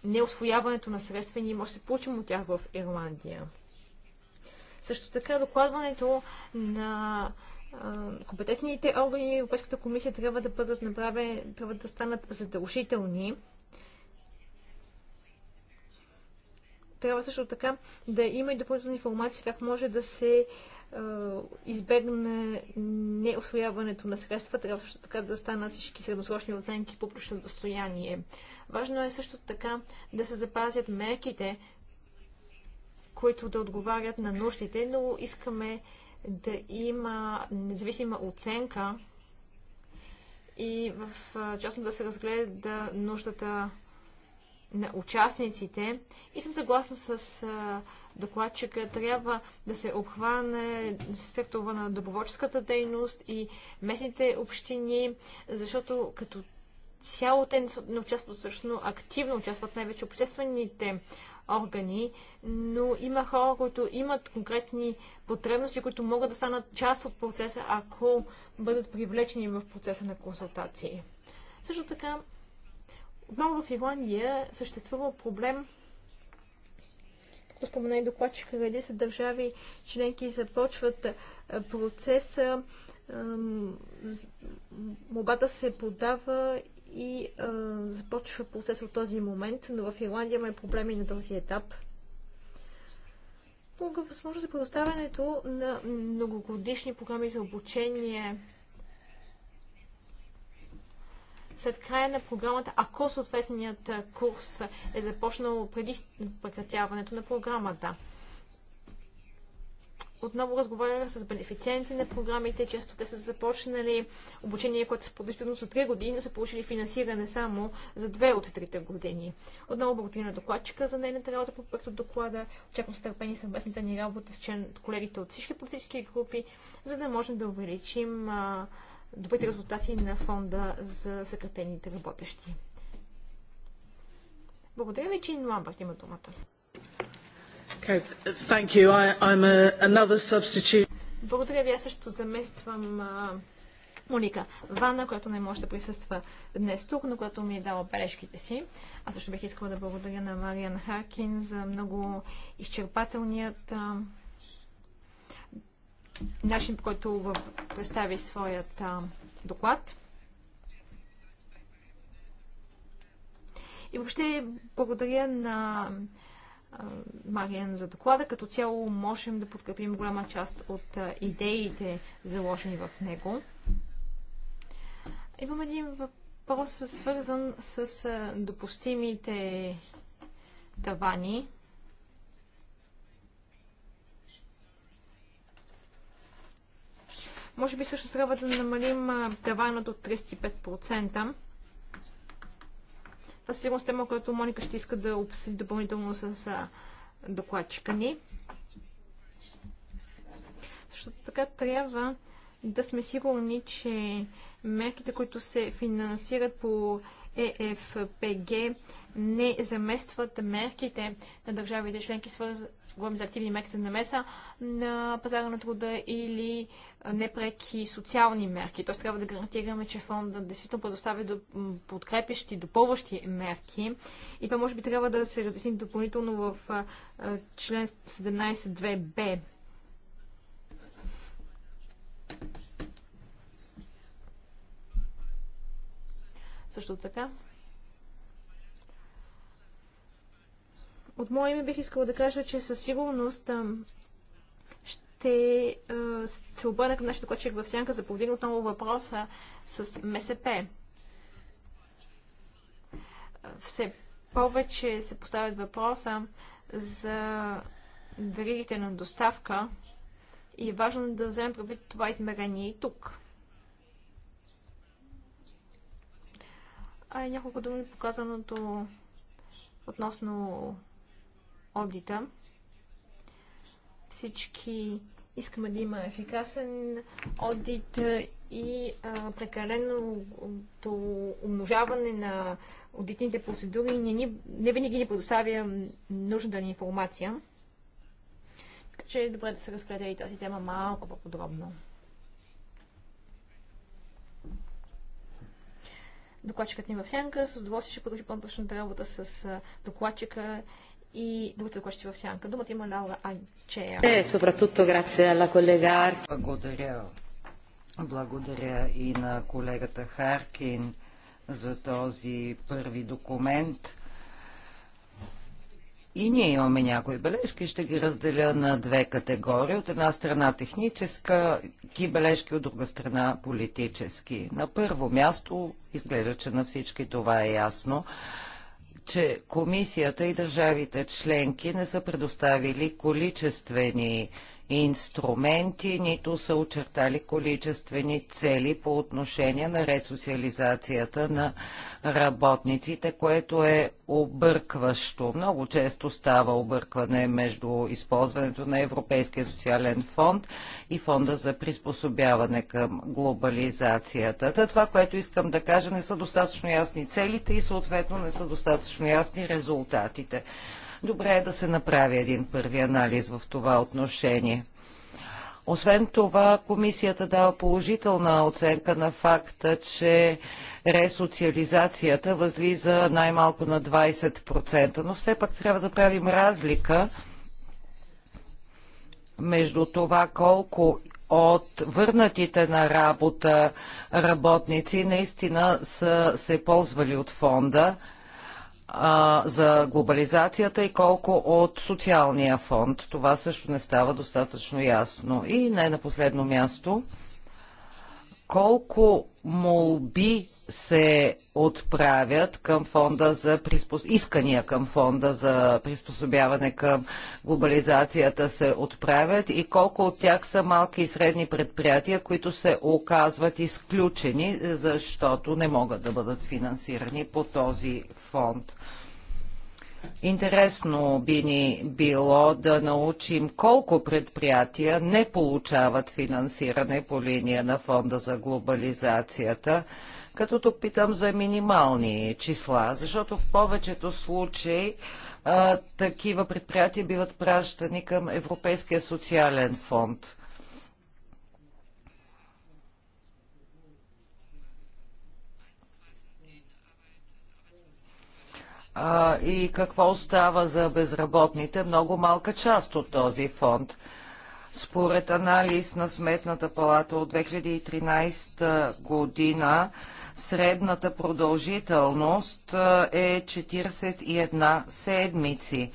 неосвояването на средства и ние може да се получим от тях в Ирландия. Също така докладването на компетентните органи Европейската комисия трябва да бъдат направени, трябва да станат задължителни. Трябва също така да има и допълнителна информация как може да се избегне неосвояването на средства, трябва също така да станат всички средносрочни оценки по публично достояние. Важно е също така да се запазят мерките, които да отговарят на нуждите, но искаме да има независима оценка и в частност да се разгледа нуждата на участниците. И съм съгласна с докладчика, трябва да се обхване сектора на доброволческата дейност и местните общини, защото като цяло те не участват всъщност активно, участват най-вече обществените органи, но има хора, които имат конкретни потребности, които могат да станат част от процеса, ако бъдат привлечени в процеса на консултации. Също така, отново в Ирландия съществува проблем както спомена и докладчика, са държави членки започват процеса, мобата се подава и а, започва процес от този момент, но в Ирландия има проблеми на този етап. Друга е възможност за предоставянето на многогодишни програми за обучение след края на програмата, ако съответният курс е започнал преди прекратяването на програмата отново разговаряме с бенефициентите на програмите. Често те са започнали обучение, което са продължително за 3 години, но са получили финансиране само за 2 от 3 години. Отново благодаря на докладчика за нейната работа по проекта доклада. Очаквам с търпение съвместната ни работа с член, от колегите от всички политически групи, за да можем да увеличим а, добрите резултати на фонда за съкратените работещи. Благодаря ви, Чин има думата. Okay, Благодаря ви, аз също замествам а, Моника Вана, която не може да присъства днес тук, но която ми е дала бележките си. Аз също бих искала да благодаря на Мариан Харкин за много изчерпателният а, начин, по който представи своят а, доклад. И въобще благодаря на Мариан за доклада. Като цяло можем да подкрепим голяма част от идеите, заложени в него. Имам един въпрос, свързан с допустимите тавани. Може би също трябва да намалим таванът от 35%. Това сигурно е тема, която Моника ще иска да обсъди допълнително с докладчика ни. Защото така трябва да сме сигурни, че мерките, които се финансират по е ЕФПГ не заместват мерките на държавите членки, свърз... говорим за активни мерки за намеса на пазара на труда или непреки социални мерки. Тоест трябва да гарантираме, че фонда действително предоставя до... подкрепящи, допълващи мерки. И това може би трябва да се разясни допълнително в член 17.2b Също така. От мое име бих искала да кажа, че със сигурност ще се обърна към нашата кочек в сянка за повдигна отново въпроса с МСП. Все повече се поставят въпроса за веригите на доставка и е важно да вземем предвид това измерение и тук. А и няколко думи показаното относно одита. Всички искаме да има ефикасен одит и прекаленото умножаване на одитните процедури не, ни, не винаги ни предоставя нужната ни информация. Така че е добре да се разгледа и тази тема малко по-подробно. докладчикът ни в сянка. С удоволствие ще продължи по-нататъчната работа с докладчика и другите докладчици в сянка. Думата има Лаура Анчея. Е, Благодаря. Благодаря и на колегата Харкин за този първи документ и ние имаме някои бележки, ще ги разделя на две категории. От една страна техническа ки бележки, от друга страна политически. На първо място, изглежда, че на всички това е ясно, че комисията и държавите членки не са предоставили количествени инструменти, нито са очертали количествени цели по отношение на ресоциализацията на работниците, което е объркващо. Много често става объркване между използването на Европейския социален фонд и фонда за приспособяване към глобализацията. Та това, което искам да кажа, не са достатъчно ясни целите и съответно не са достатъчно ясни резултатите. Добре е да се направи един първи анализ в това отношение. Освен това, комисията дава положителна оценка на факта, че ресоциализацията възлиза най-малко на 20%, но все пак трябва да правим разлика между това колко от върнатите на работа работници наистина са се ползвали от фонда а, за глобализацията и колко от социалния фонд. Това също не става достатъчно ясно. И не на последно място, колко молби се отправят към фонда за приспос... искания към фонда за приспособяване към глобализацията се отправят и колко от тях са малки и средни предприятия, които се оказват изключени, защото не могат да бъдат финансирани по този фонд. Интересно би ни било да научим колко предприятия не получават финансиране по линия на Фонда за глобализацията, като тук питам за минимални числа, защото в повечето случаи а, такива предприятия биват пращани към Европейския социален фонд. А, и какво остава за безработните? Много малка част от този фонд. Според анализ на Сметната палата от 2013 година, средната продължителност е 41 седмици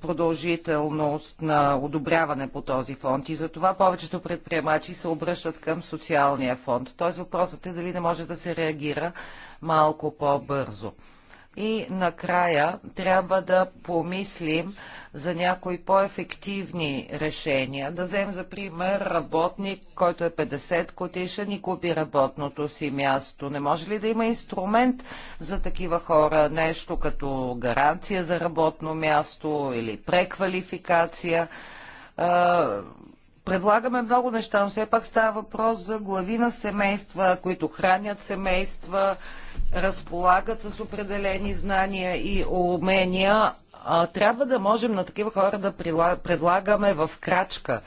продължителност на одобряване по този фонд и затова повечето предприемачи се обръщат към социалния фонд. Т.е. въпросът е дали не може да се реагира малко по-бързо. И накрая трябва да помислим за някои по-ефективни решения. Да вземем за пример работник, който е 50 годишен и купи работното си място. Не може ли да има инструмент за такива хора? Нещо като гаранция за работно място или преквалификация? Предлагаме много неща, но все пак става въпрос за глави на семейства, които хранят семейства, разполагат с определени знания и умения, а, трябва да можем на такива хора да предлагаме в крачка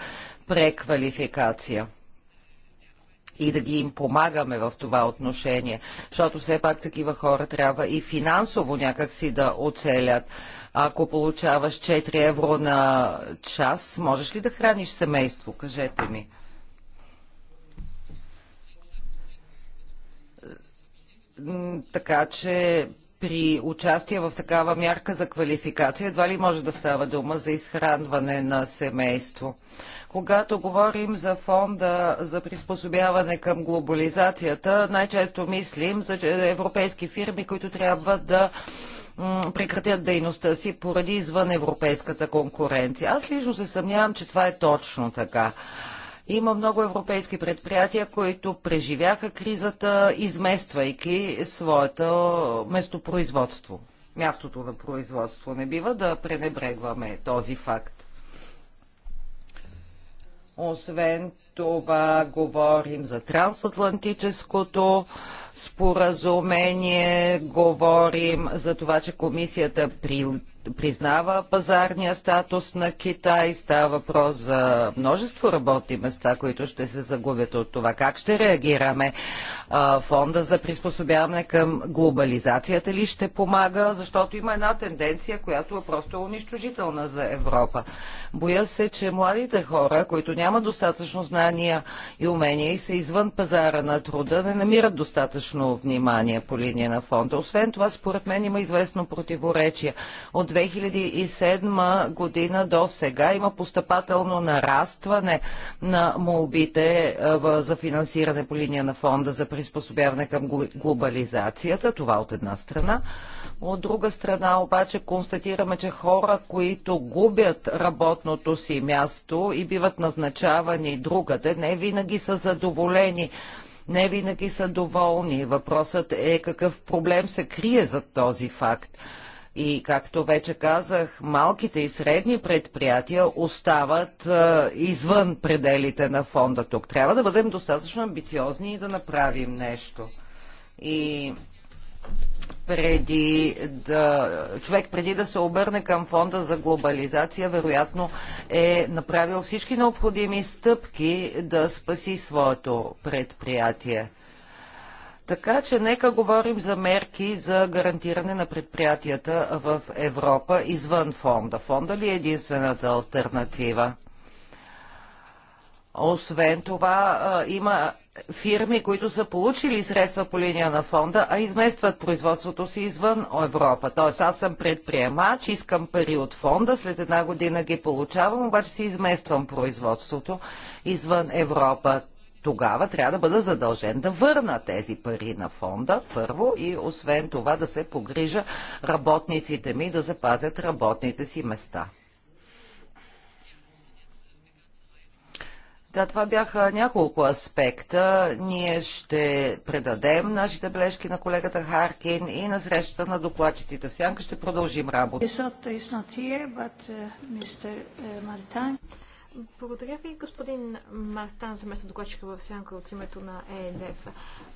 преквалификация и да ги им помагаме в това отношение, защото все пак такива хора трябва и финансово някакси да оцелят. Ако получаваш 4 евро на час, можеш ли да храниш семейство? Кажете ми. така че при участие в такава мярка за квалификация едва ли може да става дума за изхранване на семейство. Когато говорим за фонда за приспособяване към глобализацията, най-често мислим за европейски фирми, които трябва да прекратят дейността си поради извън европейската конкуренция. Аз лично се съмнявам, че това е точно така. Има много европейски предприятия, които преживяха кризата, измествайки своето местопроизводство. Мястото на производство не бива да пренебрегваме този факт. Освен това, говорим за трансатлантическото споразумение, говорим за това, че комисията при, признава пазарния статус на Китай. Става въпрос за множество работни места, които ще се загубят от това. Как ще реагираме? Фонда за приспособяване към глобализацията ли ще помага? Защото има една тенденция, която е просто унищожителна за Европа. Боя се, че младите хора, които нямат достатъчно знания и умения и са извън пазара на труда, не намират достатъчно достатъчно внимание по линия на фонда. Освен това, според мен има известно противоречие. От 2007 година до сега има постъпателно нарастване на молбите е, за финансиране по линия на фонда за приспособяване към глобализацията. Това от една страна. От друга страна обаче констатираме, че хора, които губят работното си място и биват назначавани другаде, не винаги са задоволени не винаги са доволни. Въпросът е какъв проблем се крие за този факт. И както вече казах, малките и средни предприятия остават а, извън пределите на фонда тук. Трябва да бъдем достатъчно амбициозни и да направим нещо. И преди да, човек преди да се обърне към фонда за глобализация, вероятно е направил всички необходими стъпки да спаси своето предприятие. Така че нека говорим за мерки за гарантиране на предприятията в Европа извън фонда. Фонда ли е единствената альтернатива? Освен това, има фирми, които са получили средства по линия на фонда, а изместват производството си извън Европа. Тоест аз съм предприемач, искам пари от фонда, след една година ги получавам, обаче си измествам производството извън Европа. Тогава трябва да бъда задължен да върна тези пари на фонда първо и освен това да се погрижа работниците ми да запазят работните си места. Та, това бяха няколко аспекта. Ние ще предадем нашите бележки на колегата Харкин и на срещата на докладчетите В сянка ще продължим работа. Uh, uh, Благодаря ви, господин Мартан, за место докладчика в Сянка от името на ЕНДФ.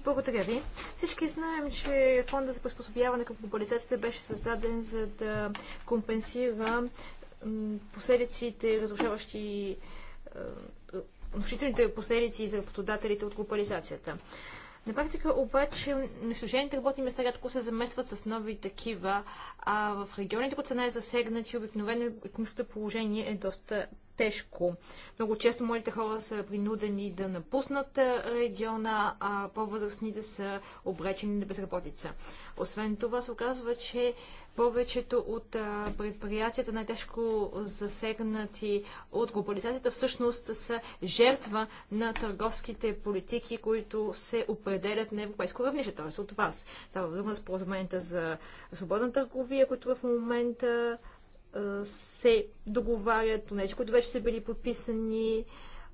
Благодаря ви. Всички знаем, че фонда за приспособяване към глобализацията беше създаден за да компенсира последиците, разрушаващи Внушителните последици за работодателите от глобализацията. На практика обаче унищожените работни места рядко се заместват с нови такива, а в регионите, които са най-засегнати, обикновено економическото положение е доста тежко Много често младите хора са принудени да напуснат региона, а по-възрастните са обречени на безработица. Освен това се оказва, че повечето от предприятията, най-тежко засегнати от глобализацията, всъщност са жертва на търговските политики, които се определят на европейско равнище, т.е. от вас. Става дума споразуменията за свободна търговия, които в момента се договарят, тези, които вече са били подписани,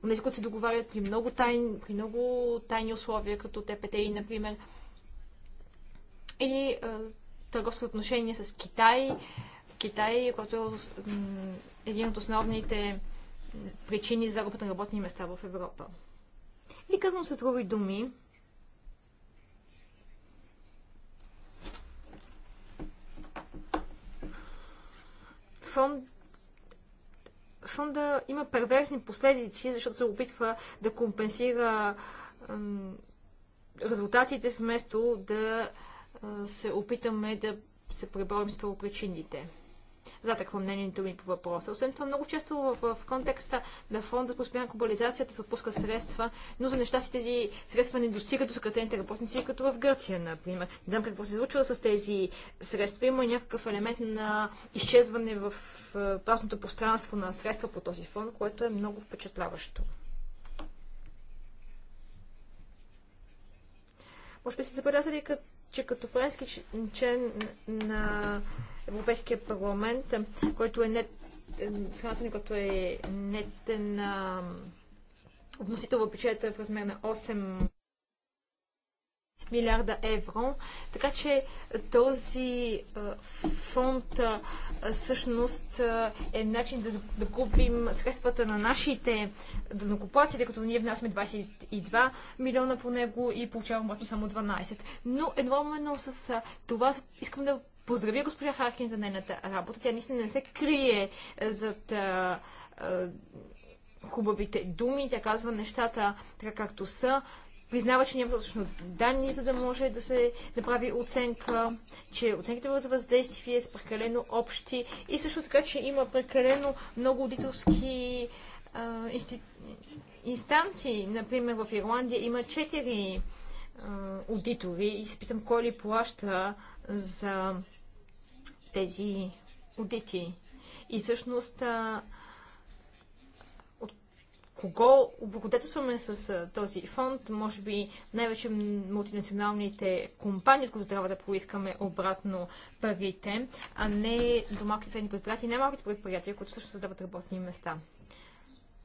тези, които се договарят при много, тайни, при много тайни условия, като ТПТИ, например, или търговско отношение с Китай. Китай, който е един от основните причини за работа на работни места в Европа. И казвам с други думи, Фон фонда има перверсни последици, защото се опитва да компенсира резултатите, вместо да се опитаме да се преборим с първопричините за такво е мнението ми по въпроса. Освен това, много често в, в контекста на фонда по спрямо глобализацията се отпускат средства, но за неща си тези средства не достигат до съкратените работници, като в Гърция, например. Не знам какво се случва с тези средства. Има някакъв елемент на изчезване в празното пространство на средства по този фонд, което е много впечатляващо. Може би се забелязали, че като френски член на Европейския парламент, който е нет, страната ни, който е нетен вносител в бюджета в размер на 8 милиарда евро. Така че този фонд всъщност е начин да, да купим средствата на нашите данокупаци, тъй като ние внасяме 22 милиона по него и получаваме само 12. Но едновременно с това искам да поздравя госпожа Харкин за нейната работа. Тя наистина не се крие е, зад а, а, хубавите думи. Тя казва нещата така както са. Признава, че няма точно данни, за да може да се направи оценка, че оценките за въздействие са прекалено общи и също така, че има прекалено много аудиторски инстанции. Например, в Ирландия има четири аудитори и се питам кой ли плаща за тези одити. И всъщност кого облагодетелстваме с този фонд, може би най-вече мултинационалните компании, от които трябва да поискаме обратно парите, а не до малките средни предприятия и най-малките предприятия, които също създават работни места.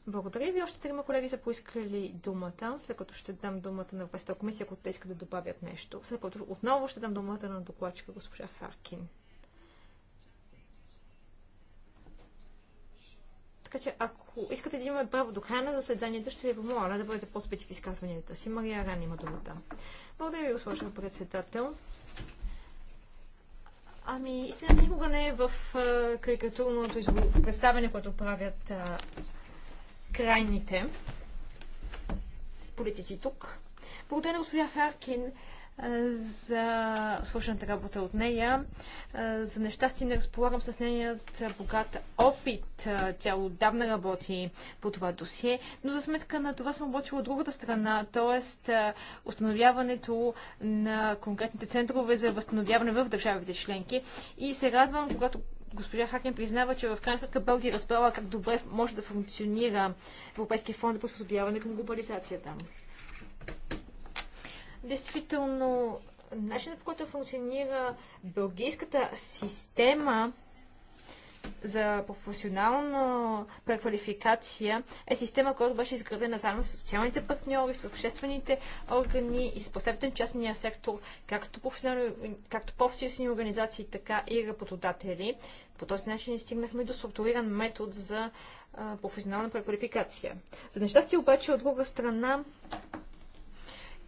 Благодаря ви. Още трима колеги са поискали думата, след като ще дам думата на Европейската комисия, ако те искат да добавят нещо. След като отново ще дам думата на докладчика госпожа Харкин. Така че ако искате да имаме право до края на заседанието, ще ви помоля да бъдете по-спети в изказванията си. Мария Ран има думата. Благодаря ви, госпожо председател. Ами, истина никога не е в карикатурното представяне, което правят а, крайните политици тук. Благодаря на госпожа Харкин за свършената работа от нея. За нещастие не разполагам с нейният богат опит. Тя отдавна работи по това досие, но за сметка на това съм работила от другата страна, т.е. установяването на конкретните центрове за възстановяване в държавите членки. И се радвам, когато госпожа Хакен признава, че в крайна сметка Белгия разбрала как добре може да функционира Европейския фонд за приспособяване към глобализацията. Действително, начинът по който функционира бългийската система за професионална преквалификация е система, която беше изградена заедно с социалните партньори, с обществените органи и с представителен частния сектор, както, както профсъюзни организации, така и работодатели. По този начин стигнахме до структуриран метод за професионална преквалификация. За нещастие обаче, от друга страна,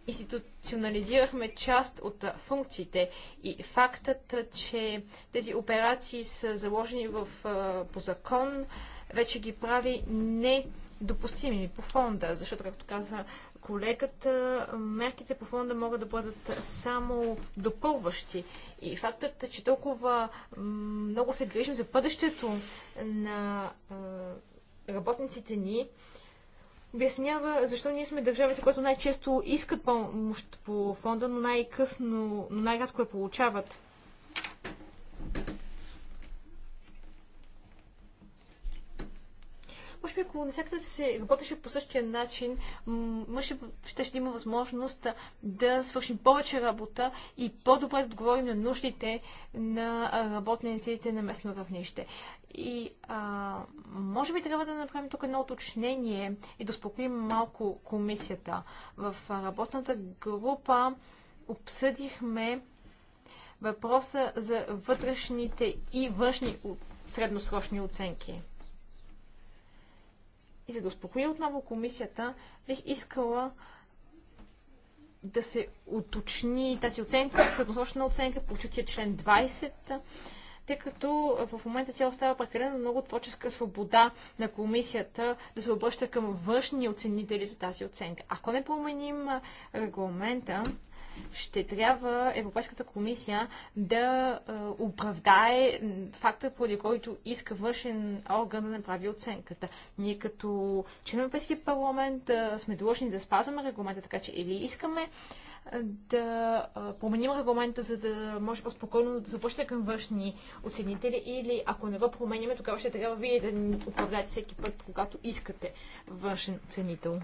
институционализирахме част от функциите и фактът, че тези операции са заложени в, по закон, вече ги прави недопустими по фонда, защото, както каза колегата, мерките по фонда могат да бъдат само допълващи. И фактът, че толкова много се грижим за бъдещето на работниците ни, обяснява защо ние сме държавите, които най-често искат помощ по фонда, но най-късно, но най-рядко я получават. Може би, ако навсякъде се работеше по същия начин, мъже ще, ще има възможност да свършим повече работа и по-добре да отговорим на нуждите на работниците на местно равнище. И а, може би трябва да направим тук едно уточнение и да успокоим малко комисията. В работната група обсъдихме въпроса за вътрешните и външни средносрочни оценки. И за да успокоя отново комисията, бих искала да се уточни тази оценка, средносрочна оценка, по чутия член 20, тъй като в момента тя остава прекалено много творческа свобода на комисията да се обръща към външни оценители за тази оценка. Ако не променим регламента, ще трябва Европейската комисия да е, оправдае факта, поради който иска външен орган да направи оценката. Ние като член Европейския парламент е, сме длъжни да спазваме регламента, така че или искаме е, да променим регламента, за да може по-спокойно да започне към външни оценители или ако не го променяме, тогава ще трябва вие да ни оправдаете всеки път, когато искате външен оценител.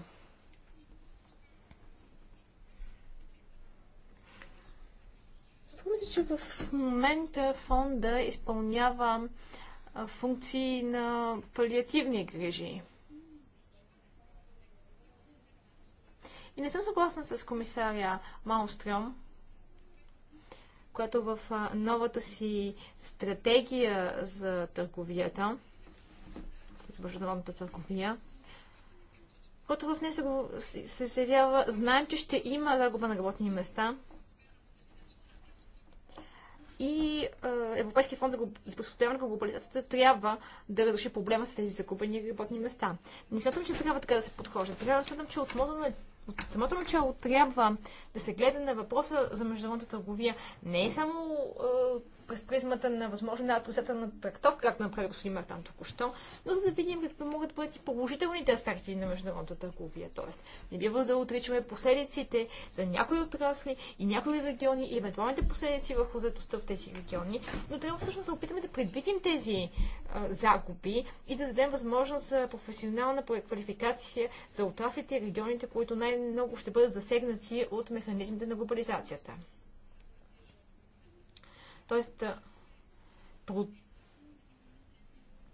Струва се, че в момента фонда изпълнява функции на палиативни грижи. И не съм съгласна с комисаря Маустрем, която в новата си стратегия за търговията, за международната търговия, който в нея се заявява, знаем, че ще има загуба на работни места, и Европейския фонд за приспособяване на глобализацията трябва да разреши проблема с тези закупени работни места. Не смятам, че трябва така да се подхожда. Трябва да смятам, че от е от самото начало трябва да се гледа на въпроса за международната търговия не е само е, през призмата на възможна на трактов, както направи господин Мартан току-що, но за да видим какви могат да бъдат и положителните аспекти на международната търговия. Тоест, не бива да отричаме последиците за някои отрасли и някои региони и евентуалните последици върху заедостта в тези региони, но трябва всъщност да опитаме да предвидим тези е, загуби и да дадем възможност за професионална преквалификация за отраслите и регионите, които най най много ще бъдат засегнати от механизмите на глобализацията. Тоест,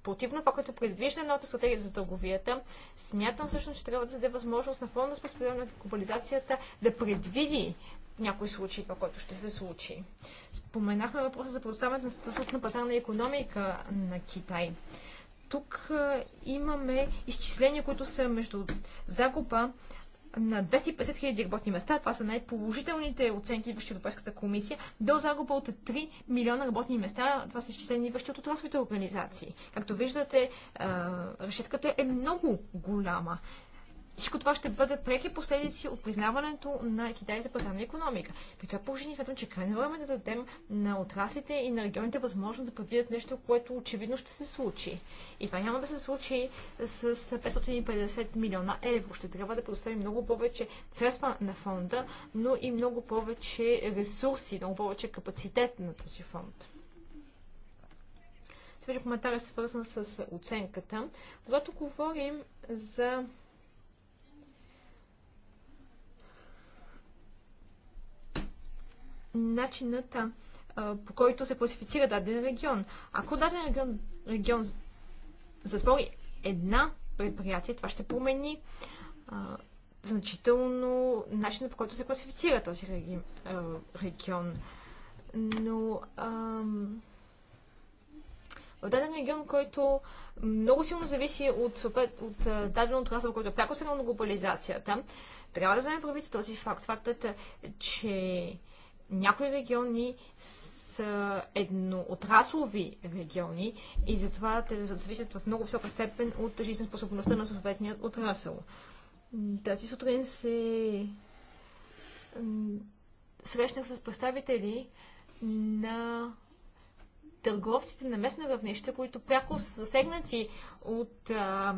противно това, което предвижда новата стратегия за търговията, смятам всъщност, че трябва да даде възможност на фонда с на глобализацията да предвиди някои случаи това, което ще се случи. Споменахме въпроса за предоставянето на статут на пазарна економика на Китай тук имаме изчисления, които са между загуба на 250 000 работни места, това са най-положителните оценки, в Европейската комисия, до загуба от 3 милиона работни места, това са изчислени идващи от отрасловите организации. Както виждате, решетката е много голяма. Всичко това ще бъде преки последици от признаването на Китай за пазарна економика. При това положение смятам, че крайно време е да дадем на отраслите и на регионите възможност да предвидят нещо, което очевидно ще се случи. И това няма да се случи с 550 милиона евро. Ще трябва да предоставим много повече средства на фонда, но и много повече ресурси, много повече капацитет на този фонд. Следващия коментар е свързан с оценката. Когато говорим за начинът по който се класифицира даден регион. Ако даден регион, регион затвори една предприятие, това ще промени а, значително начинът по който се класифицира този реги, а, регион. Но а, в даден регион, който много силно зависи от, от, от даден отрасъл, който е пряко свързан на глобализацията, трябва да вземем правите този факт. Фактът, е, че някои региони са едноотраслови региони и затова те зависят в много висока степен от жизнеспособността на съответния отрасъл. Тази сутрин се срещнах с представители на търговците на местно равнище, които пряко са засегнати от а,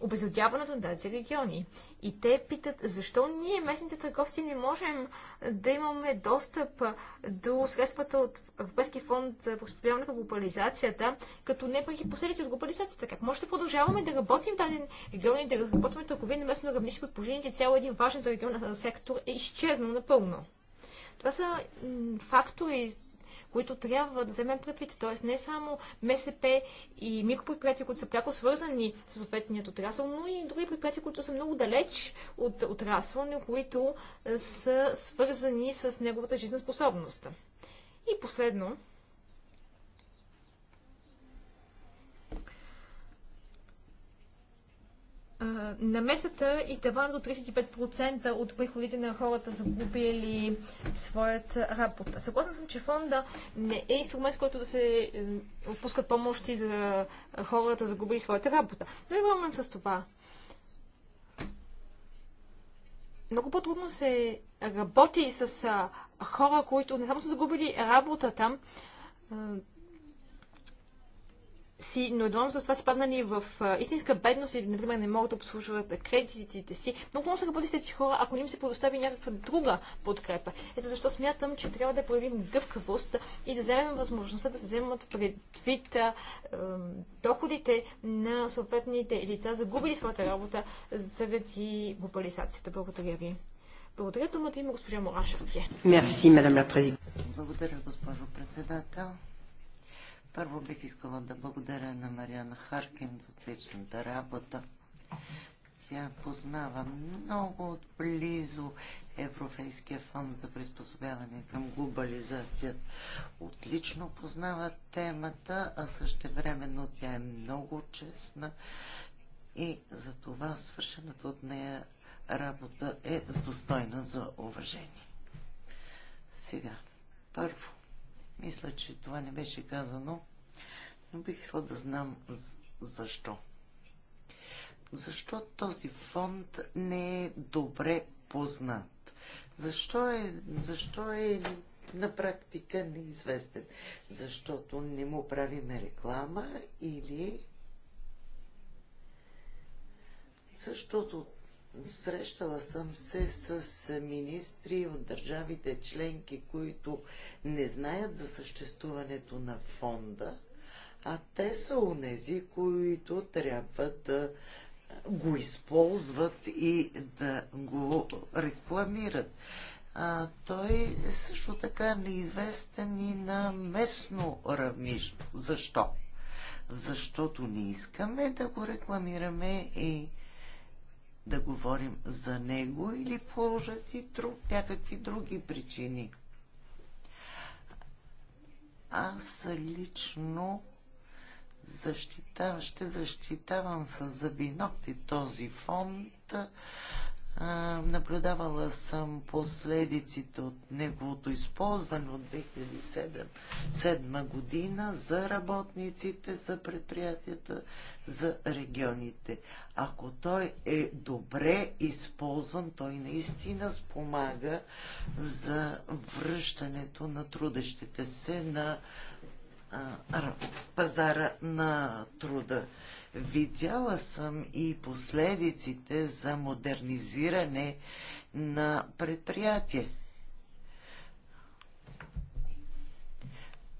обезлюдяването на тези региони. И те питат, защо ние, местните търговци, не можем да имаме достъп до средствата от Европейския фонд за възстановяване на глобализацията, като не и последици от глобализацията. Как може да продължаваме да работим в даден регион и да разработваме търговия на местно равнище, при положение, че цял един важен за региона сектор е изчезнал напълно? Това са фактори, които трябва да вземем предвид. Т.е. не само МСП и микропредприятия, които са пряко свързани с съответният отрасъл, но и други предприятия, които са много далеч от отрасъл, но които са свързани с неговата жизнеспособност. И последно, намесата и таван до 35% от приходите на хората загубили своята работа. Съгласна съм, че фонда не е инструмент, с който да се е, отпускат помощи за хората загубили своята работа. Но имаме с това. Много по-трудно се работи с хора, които не само са загубили работата, си, но едно за това спаднали в а, истинска бедност и, например, не могат да обслужват кредитите си. Много много са работи тези хора, ако не им се предостави някаква друга подкрепа. Ето защо смятам, че трябва да проявим гъвкавост и да вземем възможността да се вземат предвид а, е, доходите на съответните лица, загубили своята работа заради глобализацията. Благодаря ви. Благодаря думата има госпожа Морашевтия. Мерси, мадам Благодаря, госпожо председател. Първо бих искала да благодаря на Мариана Харкин за отличната работа. Тя познава много отблизо Европейския фонд за приспособяване към глобализацията. Отлично познава темата, а също времено тя е много честна и за това свършената от нея работа е достойна за уважение. Сега, първо, мисля, че това не беше казано, но бих искала да знам защо. Защо този фонд не е добре познат? Защо е, защо е на практика неизвестен? Защото не му правиме реклама или защото Срещала съм се с министри от държавите членки, които не знаят за съществуването на фонда, а те са унези, които трябва да го използват и да го рекламират. А, той също така неизвестен и на местно равнище. Защо? Защото не искаме да го рекламираме и да говорим за него или положат и друг, някакви други причини. Аз лично защитавам, ще защитавам с забинокти този фонд наблюдавала съм последиците от неговото използване от 2007, 2007 година за работниците, за предприятията, за регионите. Ако той е добре използван, той наистина спомага за връщането на трудещите се на пазара на труда. Видяла съм и последиците за модернизиране на предприятие.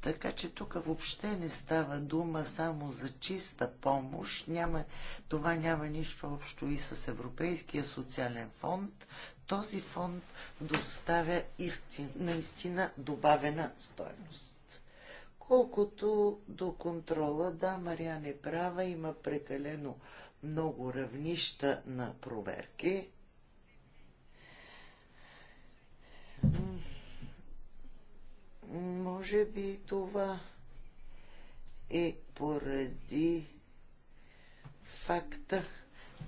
Така че тук въобще не става дума само за чиста помощ. Няма, това няма нищо общо и с Европейския социален фонд. Този фонд доставя истин, наистина добавена стоеност. Колкото до контрола, да, Мариан е права, има прекалено много равнища на проверки. Може би това е поради факта,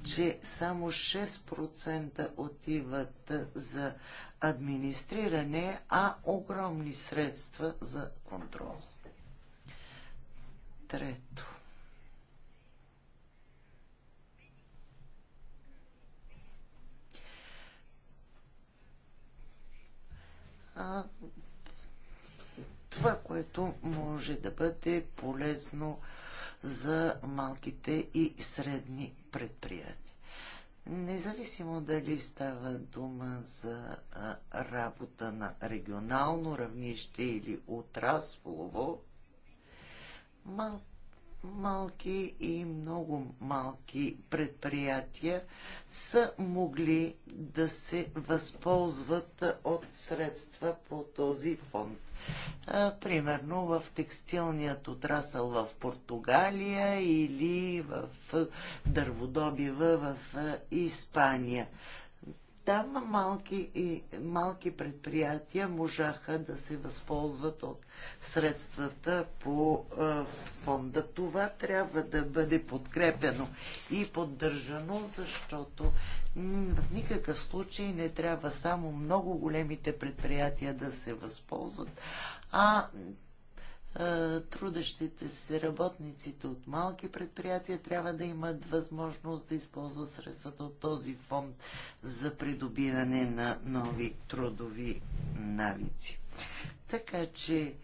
че само 6% отиват за администриране, а огромни средства за контрол. Трето. А, това, което може да бъде полезно за малките и средни предприятия. Независимо дали става дума за работа на регионално равнище или отраслово, мал, малки и много малки предприятия са могли да се възползват от средства по този фонд. Примерно в текстилният отрасъл в Португалия или в дърводобива в Испания там малки и малки предприятия можаха да се възползват от средствата по фонда. Това трябва да бъде подкрепено и поддържано, защото в никакъв случай не трябва само много големите предприятия да се възползват, а трудещите се работниците от малки предприятия трябва да имат възможност да използват средствата от този фонд за придобиване на нови трудови навици. Така че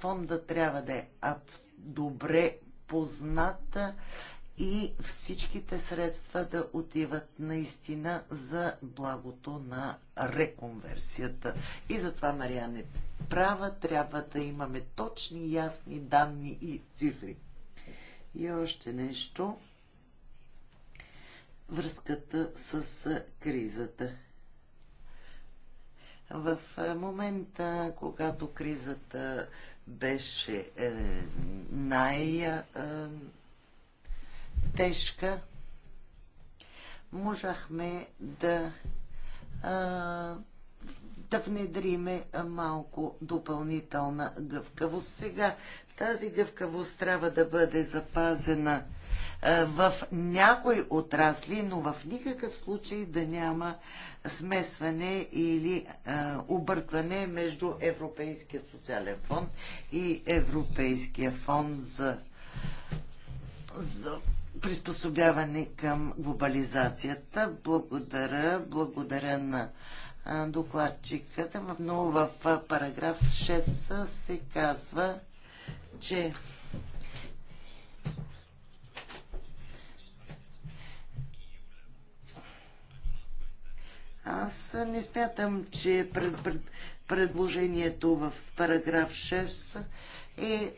фонда трябва да е добре позната и всичките средства да отиват наистина за благото на реконверсията. И затова, Мариане, права трябва да имаме точни, ясни данни и цифри. И още нещо. Връзката с кризата. В момента, когато кризата беше е, най- е, тежка, можахме да а, да внедриме малко допълнителна гъвкавост. Сега тази гъвкавост трябва да бъде запазена в някои отрасли, но в никакъв случай да няма смесване или объркване между Европейския социален фонд и Европейския фонд за, за приспособяване към глобализацията. Благодаря, благодаря на докладчиката, но в параграф 6 се казва, че Аз не смятам, че пред, пред, предложението в параграф 6 е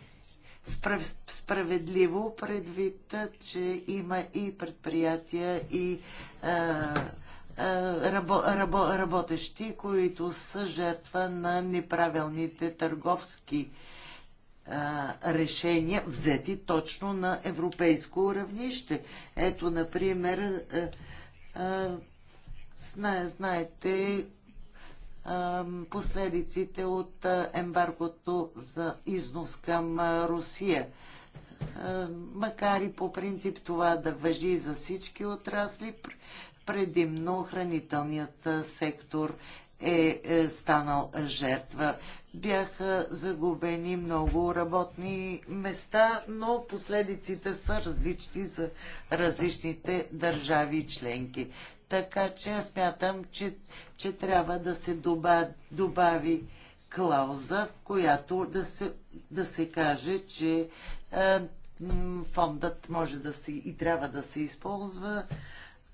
справ, справедливо, предвид, че има и предприятия, и а, рабо, рабо, работещи, които са жертва на неправилните търговски решения, взети точно на европейско равнище. Ето, например, знаете последиците от ембаргото за износ към Русия. Макар и по принцип това да въжи за всички отрасли, предимно хранителният сектор е, е станал жертва. Бяха загубени много работни места, но последиците са различни за различните държави членки. Така че аз смятам, че, че трябва да се добави, добави клауза, в която да се, да се каже, че е, фондът може да се и трябва да се използва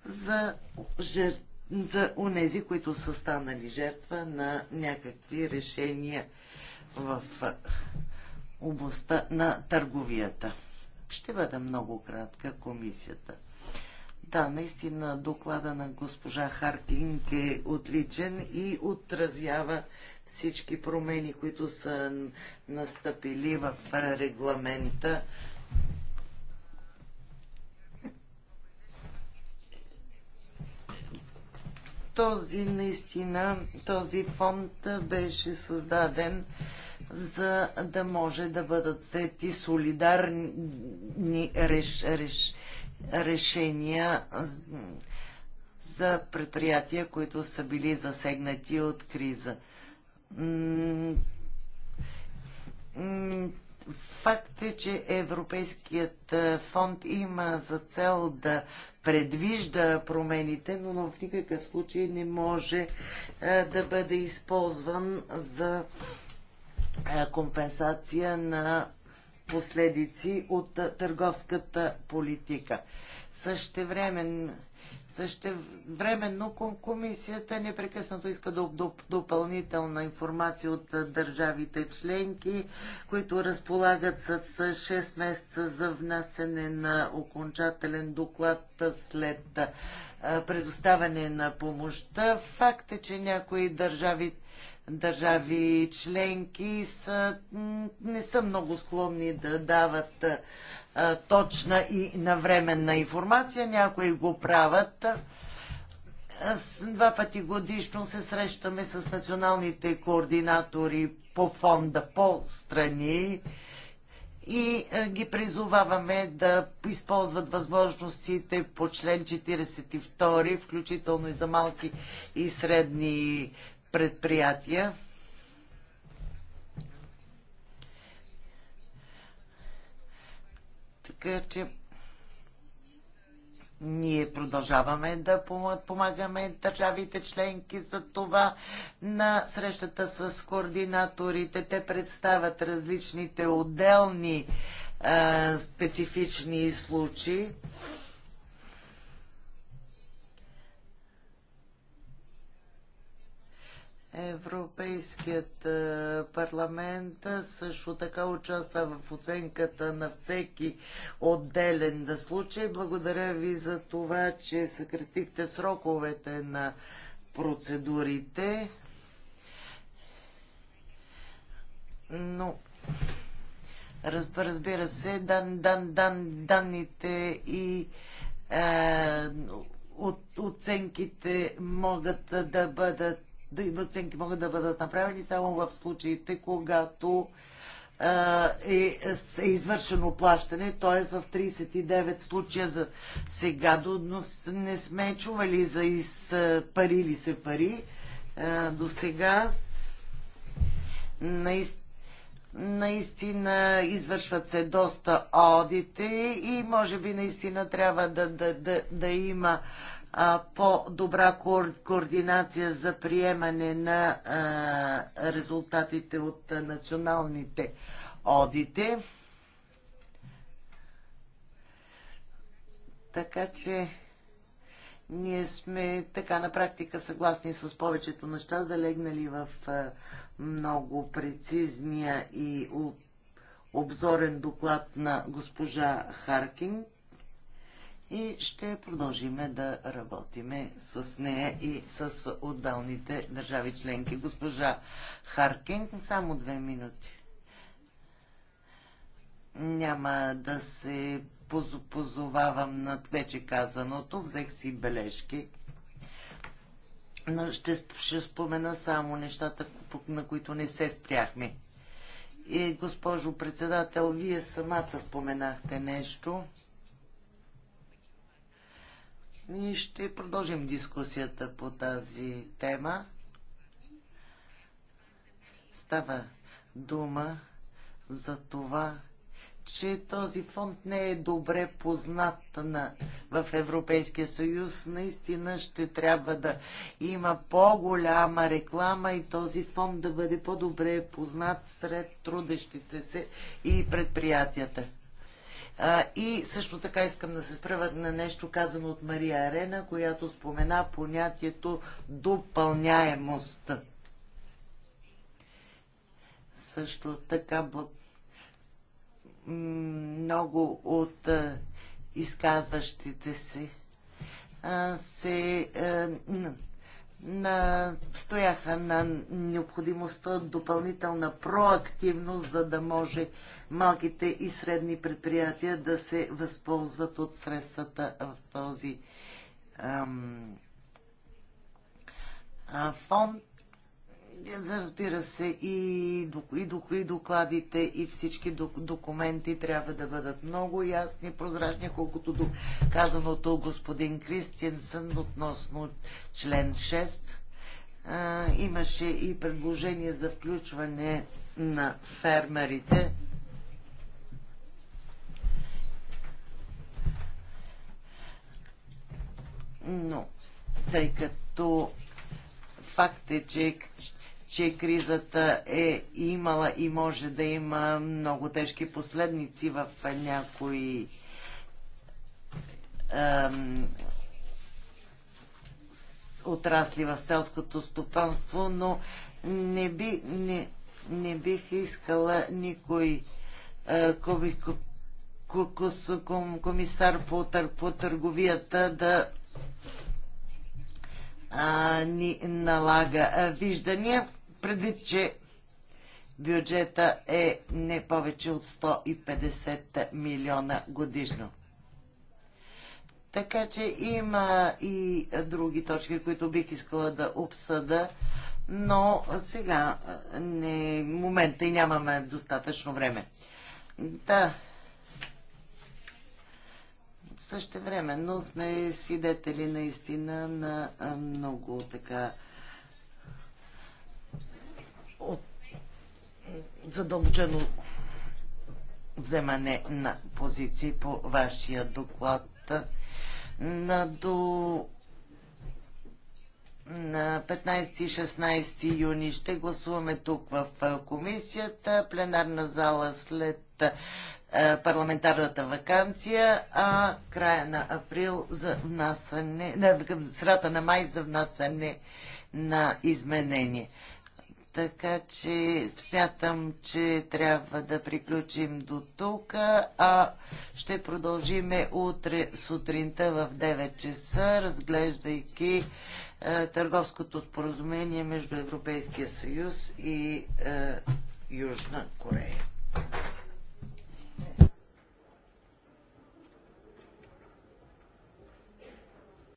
за, жер... за унези, които са станали жертва на някакви решения в е, областта на търговията. Ще бъда много кратка комисията. Да, наистина доклада на госпожа Харпинг е отличен и отразява всички промени, които са настъпили в регламента. Този наистина, този фонд беше създаден за да може да бъдат сети солидарни реш, реш, решения за предприятия, които са били засегнати от криза. Факт е, че Европейският фонд има за цел да предвижда промените, но в никакъв случай не може да бъде използван за компенсация на последици от търговската политика. Същевременно Същевременно комисията непрекъснато иска да допълнителна информация от държавите членки, които разполагат с 6 месеца за внасене на окончателен доклад след предоставяне на помощта. Факт е, че някои държави държави членки са, не са много склонни да дават а, точна и навременна информация. Някои го правят. Аз два пъти годишно се срещаме с националните координатори по фонда, по страни и ги призоваваме да използват възможностите по член 42, включително и за малки и средни предприятия. Така че ние продължаваме да помагаме държавите членки за това. На срещата с координаторите те представят различните отделни а, специфични случаи. Европейският е, парламент също така участва в оценката на всеки отделен случай. Благодаря ви за това, че съкратихте сроковете на процедурите. Но разбира се, дан, дан, дан, данните и е, от, оценките могат да бъдат да има оценки могат да бъдат направени само в случаите, когато е, е извършено плащане, т.е. в 39 случая за сега, но не сме чували за ли се пари до сега. Наистина наистина извършват се доста одите и може би наистина трябва да, да, да, да има по-добра координация за приемане на резултатите от националните одите. Така че ние сме така на практика съгласни с повечето неща, залегнали в много прецизния и обзорен доклад на госпожа Харкинг и ще продължиме да работиме с нея и с отдалните държави членки. Госпожа Харкин, само две минути. Няма да се позовавам на вече казаното, взех си бележки. Но ще, ще спомена само нещата, на които не се спряхме. И, госпожо председател, вие самата споменахте нещо. Ние ще продължим дискусията по тази тема. Става дума за това, че този фонд не е добре познат на, в Европейския съюз. Наистина ще трябва да има по-голяма реклама и този фонд да бъде по-добре познат сред трудещите се и предприятията. А, и също така искам да се спра на нещо казано от Мария Арена, която спомена понятието допълняемост. Също така много от изказващите се се на стояха на необходимостта от допълнителна проактивност, за да може малките и средни предприятия да се възползват от средствата в този ам, а, фонд. Разбира се, и, и докладите, и всички документи трябва да бъдат много ясни, прозрачни, колкото до казаното господин Кристиансън относно член 6. А, имаше и предложение за включване на фермерите. Но, тъй като факт е, че че кризата е имала и може да има много тежки последници в някои ем, отрасли в селското стопанство, но не, би, не, не бих искала никой е, комисар по, по търговията да а, ни налага виждания предвид, че бюджета е не повече от 150 милиона годишно. Така че има и други точки, които бих искала да обсъда, но сега не момента и нямаме достатъчно време. Да. Също време, но сме свидетели наистина на много така от задълбочено вземане на позиции по вашия доклад на до на 15 и 16 юни ще гласуваме тук в комисията, пленарна зала след парламентарната вакансия, а края на април за внасане, на, срата на май за внасане на изменение. Така че смятам, че трябва да приключим до тук, а ще продължиме утре сутринта в 9 часа, разглеждайки е, търговското споразумение между Европейския съюз и е, Южна Корея.